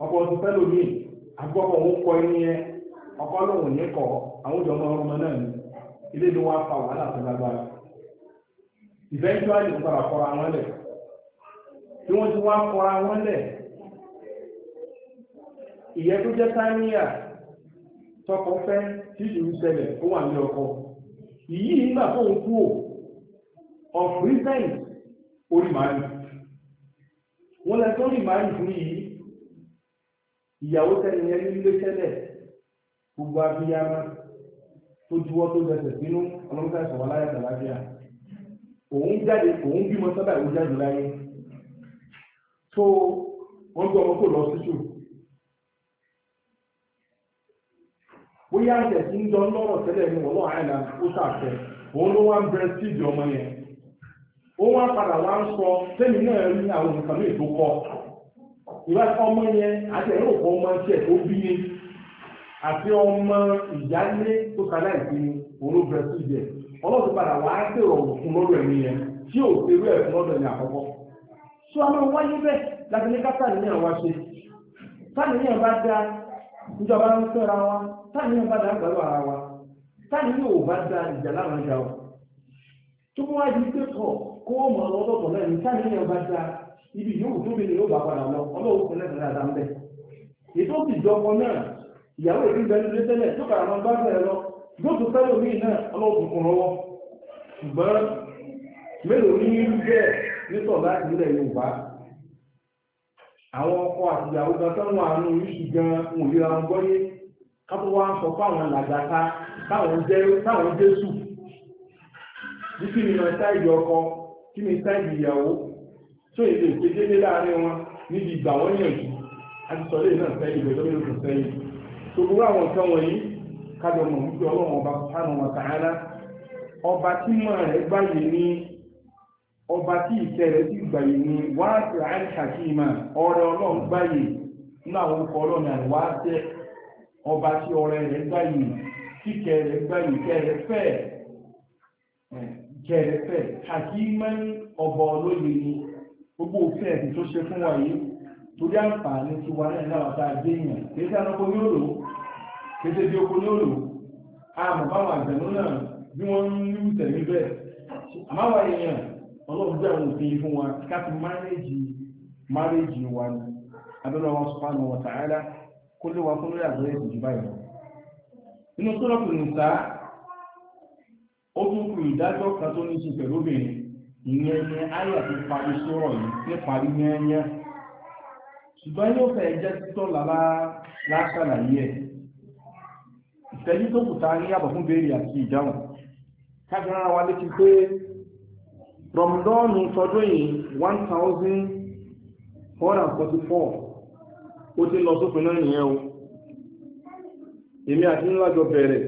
ọkọ ti tẹ́lù mi agbọ́kọ̀ òun kọ ẹni yẹn ọkọ kọ àwọn ọmọ ọmọ náà ni ilé ni wọ́n fa wàhálà tó lágbára eventually ń padà kọra wọn lẹ̀ tí wọ́n ti wá kọra wọn lẹ̀ ìyẹn tó jẹ́ tọkọ fẹ́ tí ìlú ó wà ní ọkọ ìyí nígbà tó of recent orí màálù wọ́n lẹ́ tó rí màálù fún yìí ìyàwó tẹ́lẹ̀ yẹn nílé tẹ́lẹ̀ gbogbo abiyama tó juwọ́ tó jẹsẹ̀ sínú ọlọ́mọta ìṣọ̀wọ́ láyé tàlàfíà òun jáde òun bímọ sábà ìwé jáde láyé tó wọ́n gbé ọmọ kò lọ sí tù bóyá ń tẹ̀sí ń jọ lọ́rọ̀ tẹ́lẹ̀ ni wọ́n lọ́ọ̀ àìlà ó sàfẹ́ òun ló wá ń bẹ̀rẹ̀ sí ìdí ọmọ yẹn ó wá padà wá ń sọ tẹ́mi náà rí àwọn nǹkan lè kọ ọmọ yẹn àti ẹ̀rọ òkú ọmọ tiẹ̀ tó bí ni àti ọmọ ìyáálé tó kálá ìpinnu òun ló bẹ̀rẹ̀ sí ìjẹ ọlọ́run padà wá ṣèrọ̀rùn fún lọ́rọ̀ ẹ̀mí yẹn tí ò ṣerú ẹ̀ fún lọ́dọ̀ ẹ̀mí àkọ́kọ́ a máa wáyé bẹ́ẹ̀ láti ní kápá bá dá ìjọba ń wa táníyàn bá dá pẹ̀lú ara wa ò bá dá ìjà kó wọ́n mọ̀ ọ́ lọ́dọ̀ náà ní ọba já ibi yòówù tóbi ni yóò bá padà lọ ọlọ́wọ́ fún lẹ́sẹ̀ dáadáa ń bẹ̀. ètò ìyàwó tó kàrà bá bẹ̀rẹ̀ lọ sáré omi náà ọlọ́wọ́ tuntun lọ́wọ́ ṣùgbọ́n mélòó ní irú bẹ́ẹ̀ ọkọ táwọn jésù bí kí ọkọ kí ni sáìdì ìyàwó tó èdè ìpèdélé láàrin wọn níbi ìgbà wọn yànjú àti sọ̀rọ̀ náà sẹ́yìn ìgbẹ́jọ́ mélòó kan sẹ́yìn ṣògbóró àwọn nǹkan wọ̀nyí kájọ mọ̀ wípé ọlọ́run ọba sánú wọn tààrà ọba tí mọ̀ rẹ̀ gbàyè ní ọba tí rẹ̀ sì gbàyè ní ọlọ́run gbàyè nínú àwọn orúkọ ọlọ́run ọba tí rẹ̀ gbàyè kíkẹ́ rẹ̀ gbàyè kẹ́ rẹ̀ kẹrẹfẹ hakiman ọba olóye ni gbogbo òfin ẹ̀sìn tó ṣe fún wa yìí torí àǹfààní ti wà náà náà tá a gbé yàn kéde ànàkó ní òòlò kéde bí oko ní òòlò àmọ́ báwọn àgbẹ̀nú náà bí wọ́n ń lú tẹ̀mí bẹ́ẹ̀ àmọ́ àwọn èèyàn ọlọ́run jẹ́ àwọn òfin fún wa káfí márẹ́jì márẹ́jì wa ni abẹ́lẹ́ wa subhanahu wa ta'ala kó lé wa fún lórí àgbẹ̀rẹ́ ìjìbá yìí nínú sọ́rọ̀ kùnú sáà ó tún kù ìdájọ́ kan tó ní ṣe pẹ̀lú ìyẹn ni àyà ti parí sọ̀rọ̀ yìí níparí yẹ́nyẹ́ ṣùgbọ́n yóò fẹ́ jẹ́ títọ́ lásàlàyé ẹ̀ ìfẹ́jú tó kùta ní yàbọ̀ fún béèrè àti ìdáhùn káfíńrán wa létí pé rọmdọ́ọ̀nù tọdún yìí 1444 ó ti lọ sópin náà nìyẹn o èmi àti ńlájọ bẹ̀rẹ̀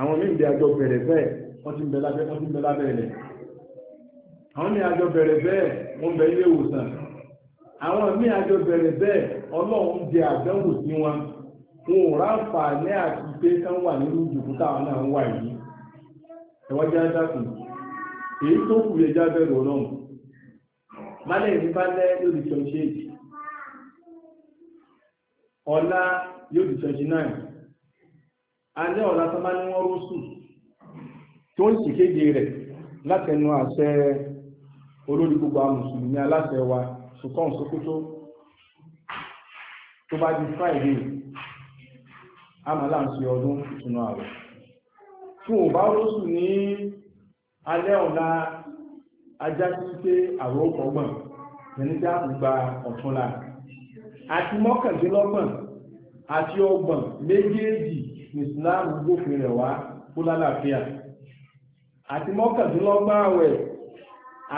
àwọn ní ìdí àjọ bẹ̀rẹ̀ bẹ́ẹ̀ wọ́n ti ń bẹ lábẹ́ wọ́n ti ń bẹ lábẹ́ rẹ̀ àwọn ní àjọ bẹ̀rẹ̀ bẹ́ẹ̀ wọ́n bẹ ilé ìwòsàn àwọn ní àjọ bẹ̀rẹ̀ bẹ́ẹ̀ ọlọ́run jẹ àdánwò sí wọn wọn ò ráǹfà ní àti pé kán wà nínú ìdìbò táwọn náà ń wà yìí ẹ̀wọ́n jẹ́ àdàkùn èyí tó kù yẹ jábẹ̀rẹ̀ ọlọ́run málẹ̀ ní bá lẹ́ yóò di twenty ọ̀la yóò di twenty alẹ́ ọ̀la tó bá ní wọ́n rúṣù tó ń sì kéde rẹ̀ látẹnu àṣẹ olórí gbogbo àwọn mùsùlùmí aláṣẹ wa sùkọ́n sókótó tó bá di friday àmàlà ń ṣe ọdún ìtùnú ààrẹ fún òbá rúṣù ní alẹ́ ọ̀la ajá sí pé àwọn ọgbọ̀n ẹnìjà gba ọ̀túnla àti mọ́kàndínlọ́gbọ̀n àti ọgbọ̀n méjèèjì islam gbófin rẹ̀ wá kó lálàáfíà àti mọ́kàndínlọ́gbà àwẹ̀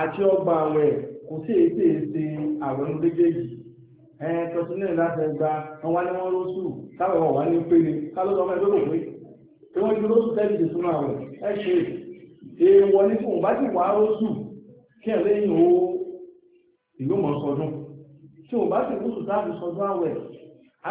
àti ọgbà àwẹ̀ kò sí èsì èsì àwọn méjèèjì ẹ̀ẹ́n tọ́sílẹ̀ láti ẹgbà wọn wá ní wọ́n lóṣù táwọn wọn wá ní pé ni kálọ́ lọ́mọ ẹgbẹ́ òpin tí wọ́n ti lóṣù tẹ́lẹ̀ ti súnmọ́ àwẹ̀ ẹ ṣe èèwọ̀ ní fún bá ti wá lóṣù kí ẹ̀ lẹ́yìn o ìlú mọ̀ sọdún tí ò bá ti lóṣù táàbù sọdún àwẹ̀ á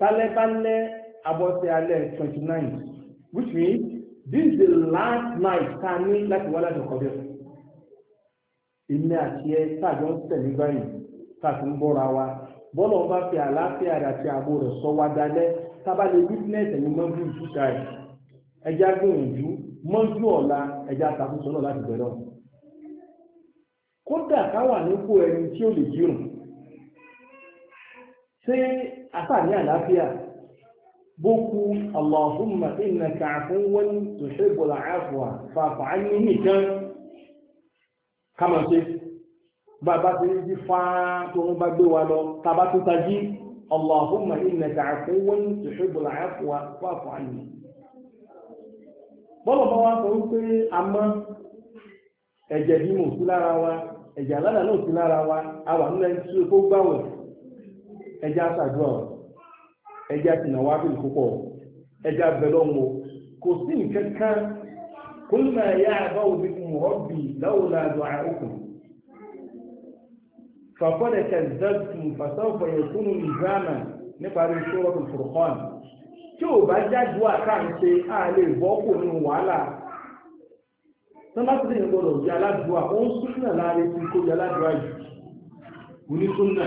tálẹ́ bá lẹ́ abọ́sẹ̀ twenty nine which means this is the last night tá a ní láti wá láti kọ́bẹ̀. èmi àti ẹ tàbí ọ́n tẹ̀lé báyìí tàbí ń bọ́ra wa bọ́lá ọba fi àlàáfíà rẹ̀ àti ààbò rẹ̀ sọ wá dalẹ́ tábà lè witness ẹ̀yin mọ́ bí ojú ká ẹ̀ ẹja gbìyànjú mọ́jú ọ̀la ẹja àtàkùnsọ náà láti bẹ̀rẹ̀ ọ̀ kódà káwà nípò ẹni tí ó lè jírùn ṣé àtàrí àlàáfíà bó kú allahumma innaka afuwwun tuhibbul afwa fa'fu anni nìkan kàmọ̀ ṣe bàbá ti rí fáá tó ń bá gbé wa lọ tàbá tó tají allahumma innaka afuwwun tuhibbul afwa fa'fu anni bọ́lọ̀ bá wá sọ wípé ẹ̀jẹ̀ bí sí lára wa ẹ̀jẹ̀ náà sí lára wa a wà nílẹ̀ tí ó gbáwẹ̀ ẹjá ṣàdúrà ẹjá tìnàwá bí púpọ̀ ẹjá bẹ̀lọ́mọ kò sí nǹkan kan kó máa yá àbá òbí mọ̀ọ́bì láwùlá àdùn àrùkùn fàkọ́dẹ̀ kẹ̀zẹ́tù fàṣọ́fọ̀ ẹ̀kúnnù ìgbàmà níparí ṣọ́rọ̀ Furqan tí ò bá jájú àkáǹṣe àlè ìbọ́kù nínú wàhálà tọ́lásìlẹ̀ ìgbọ́dọ̀ jẹ́ aládùúà ó ń súnà láàrin tí kó jẹ́ aládùúà yìí onísúnà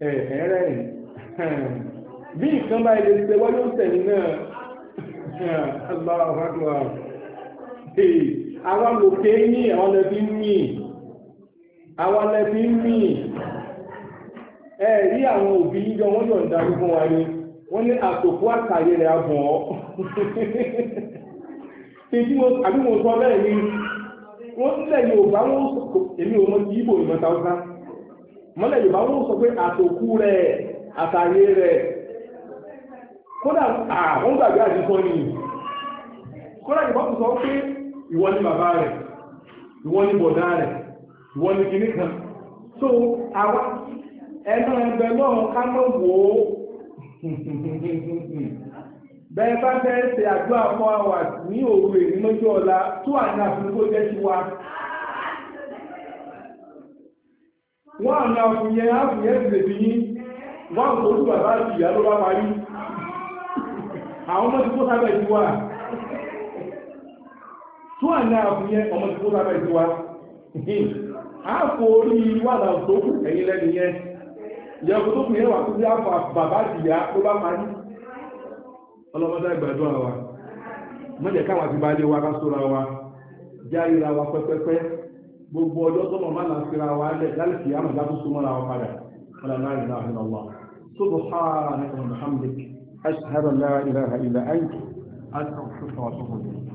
ẹ̀ẹ́rẹ́rìn bí nǹkan bá ilé pé wọ́n ló ń tẹ̀lé náà aláwọ̀wọ́ àwọn lòkè ní àwọn lẹ́bí mí àwọn lẹ́bí mí ẹ̀rí àwọn òbí yíjọ wọ́n yọ̀ ń darí fún wa ní wọ́n ní àtòkú àtàrí rẹ̀ àbọ̀ ọ́ àbí mo sọ bẹ́ẹ̀ ni wọ́n sílẹ̀ Yorùbá wọ́n èmi ò mọ̀ sí ìmọ̀ta ọ̀sán wọ́n lẹ̀ yorùbá wọ́n sọ pé àtòkú rẹ̀ àtàyé rẹ̀ kódà àwọn gbàgbé àjíkọ́ ni kódà yorùbá sọ pé ìwọ ni bàbá rẹ̀ ìwọ ni bọ̀dá rẹ̀ ìwọ ni kìíní kan so àwọn ẹ̀nà ẹgbẹ́ náà ká mọ́ wò ó bẹ́ẹ̀ bá bẹ́ẹ̀ ṣe àdúrà fún àwà ní òru èyí ọ̀la tó jẹ́ sí wa wọ́n àwọn àfúnyẹ àfúnyẹ ìrètí yí wọ́n tó rú bàbá àti ìyá ló bá parí àwọn ọmọ ti kó sábẹ̀ ti wá tó àwọn ọmọ ti kó sábẹ̀ ti wá àfò orí wà tó kù ẹ̀yìn lẹ́nu yẹn tó kù yẹn wà tó bàbá ìyá ló bá parí ọlọ́mọdé wa mọ́jẹ̀ bá gbogbo ọjọ́ tó mọ̀ máa nà síra wa lẹ̀ lálùkì àmọ̀ ìdájọ tó súnmọ́ wa padà padà náà ìlà ìlà ọ̀la tó bọ̀ sáà nípa muhammed ashhadu la ilaha illa anta astaghfiruka wa atubu ilayk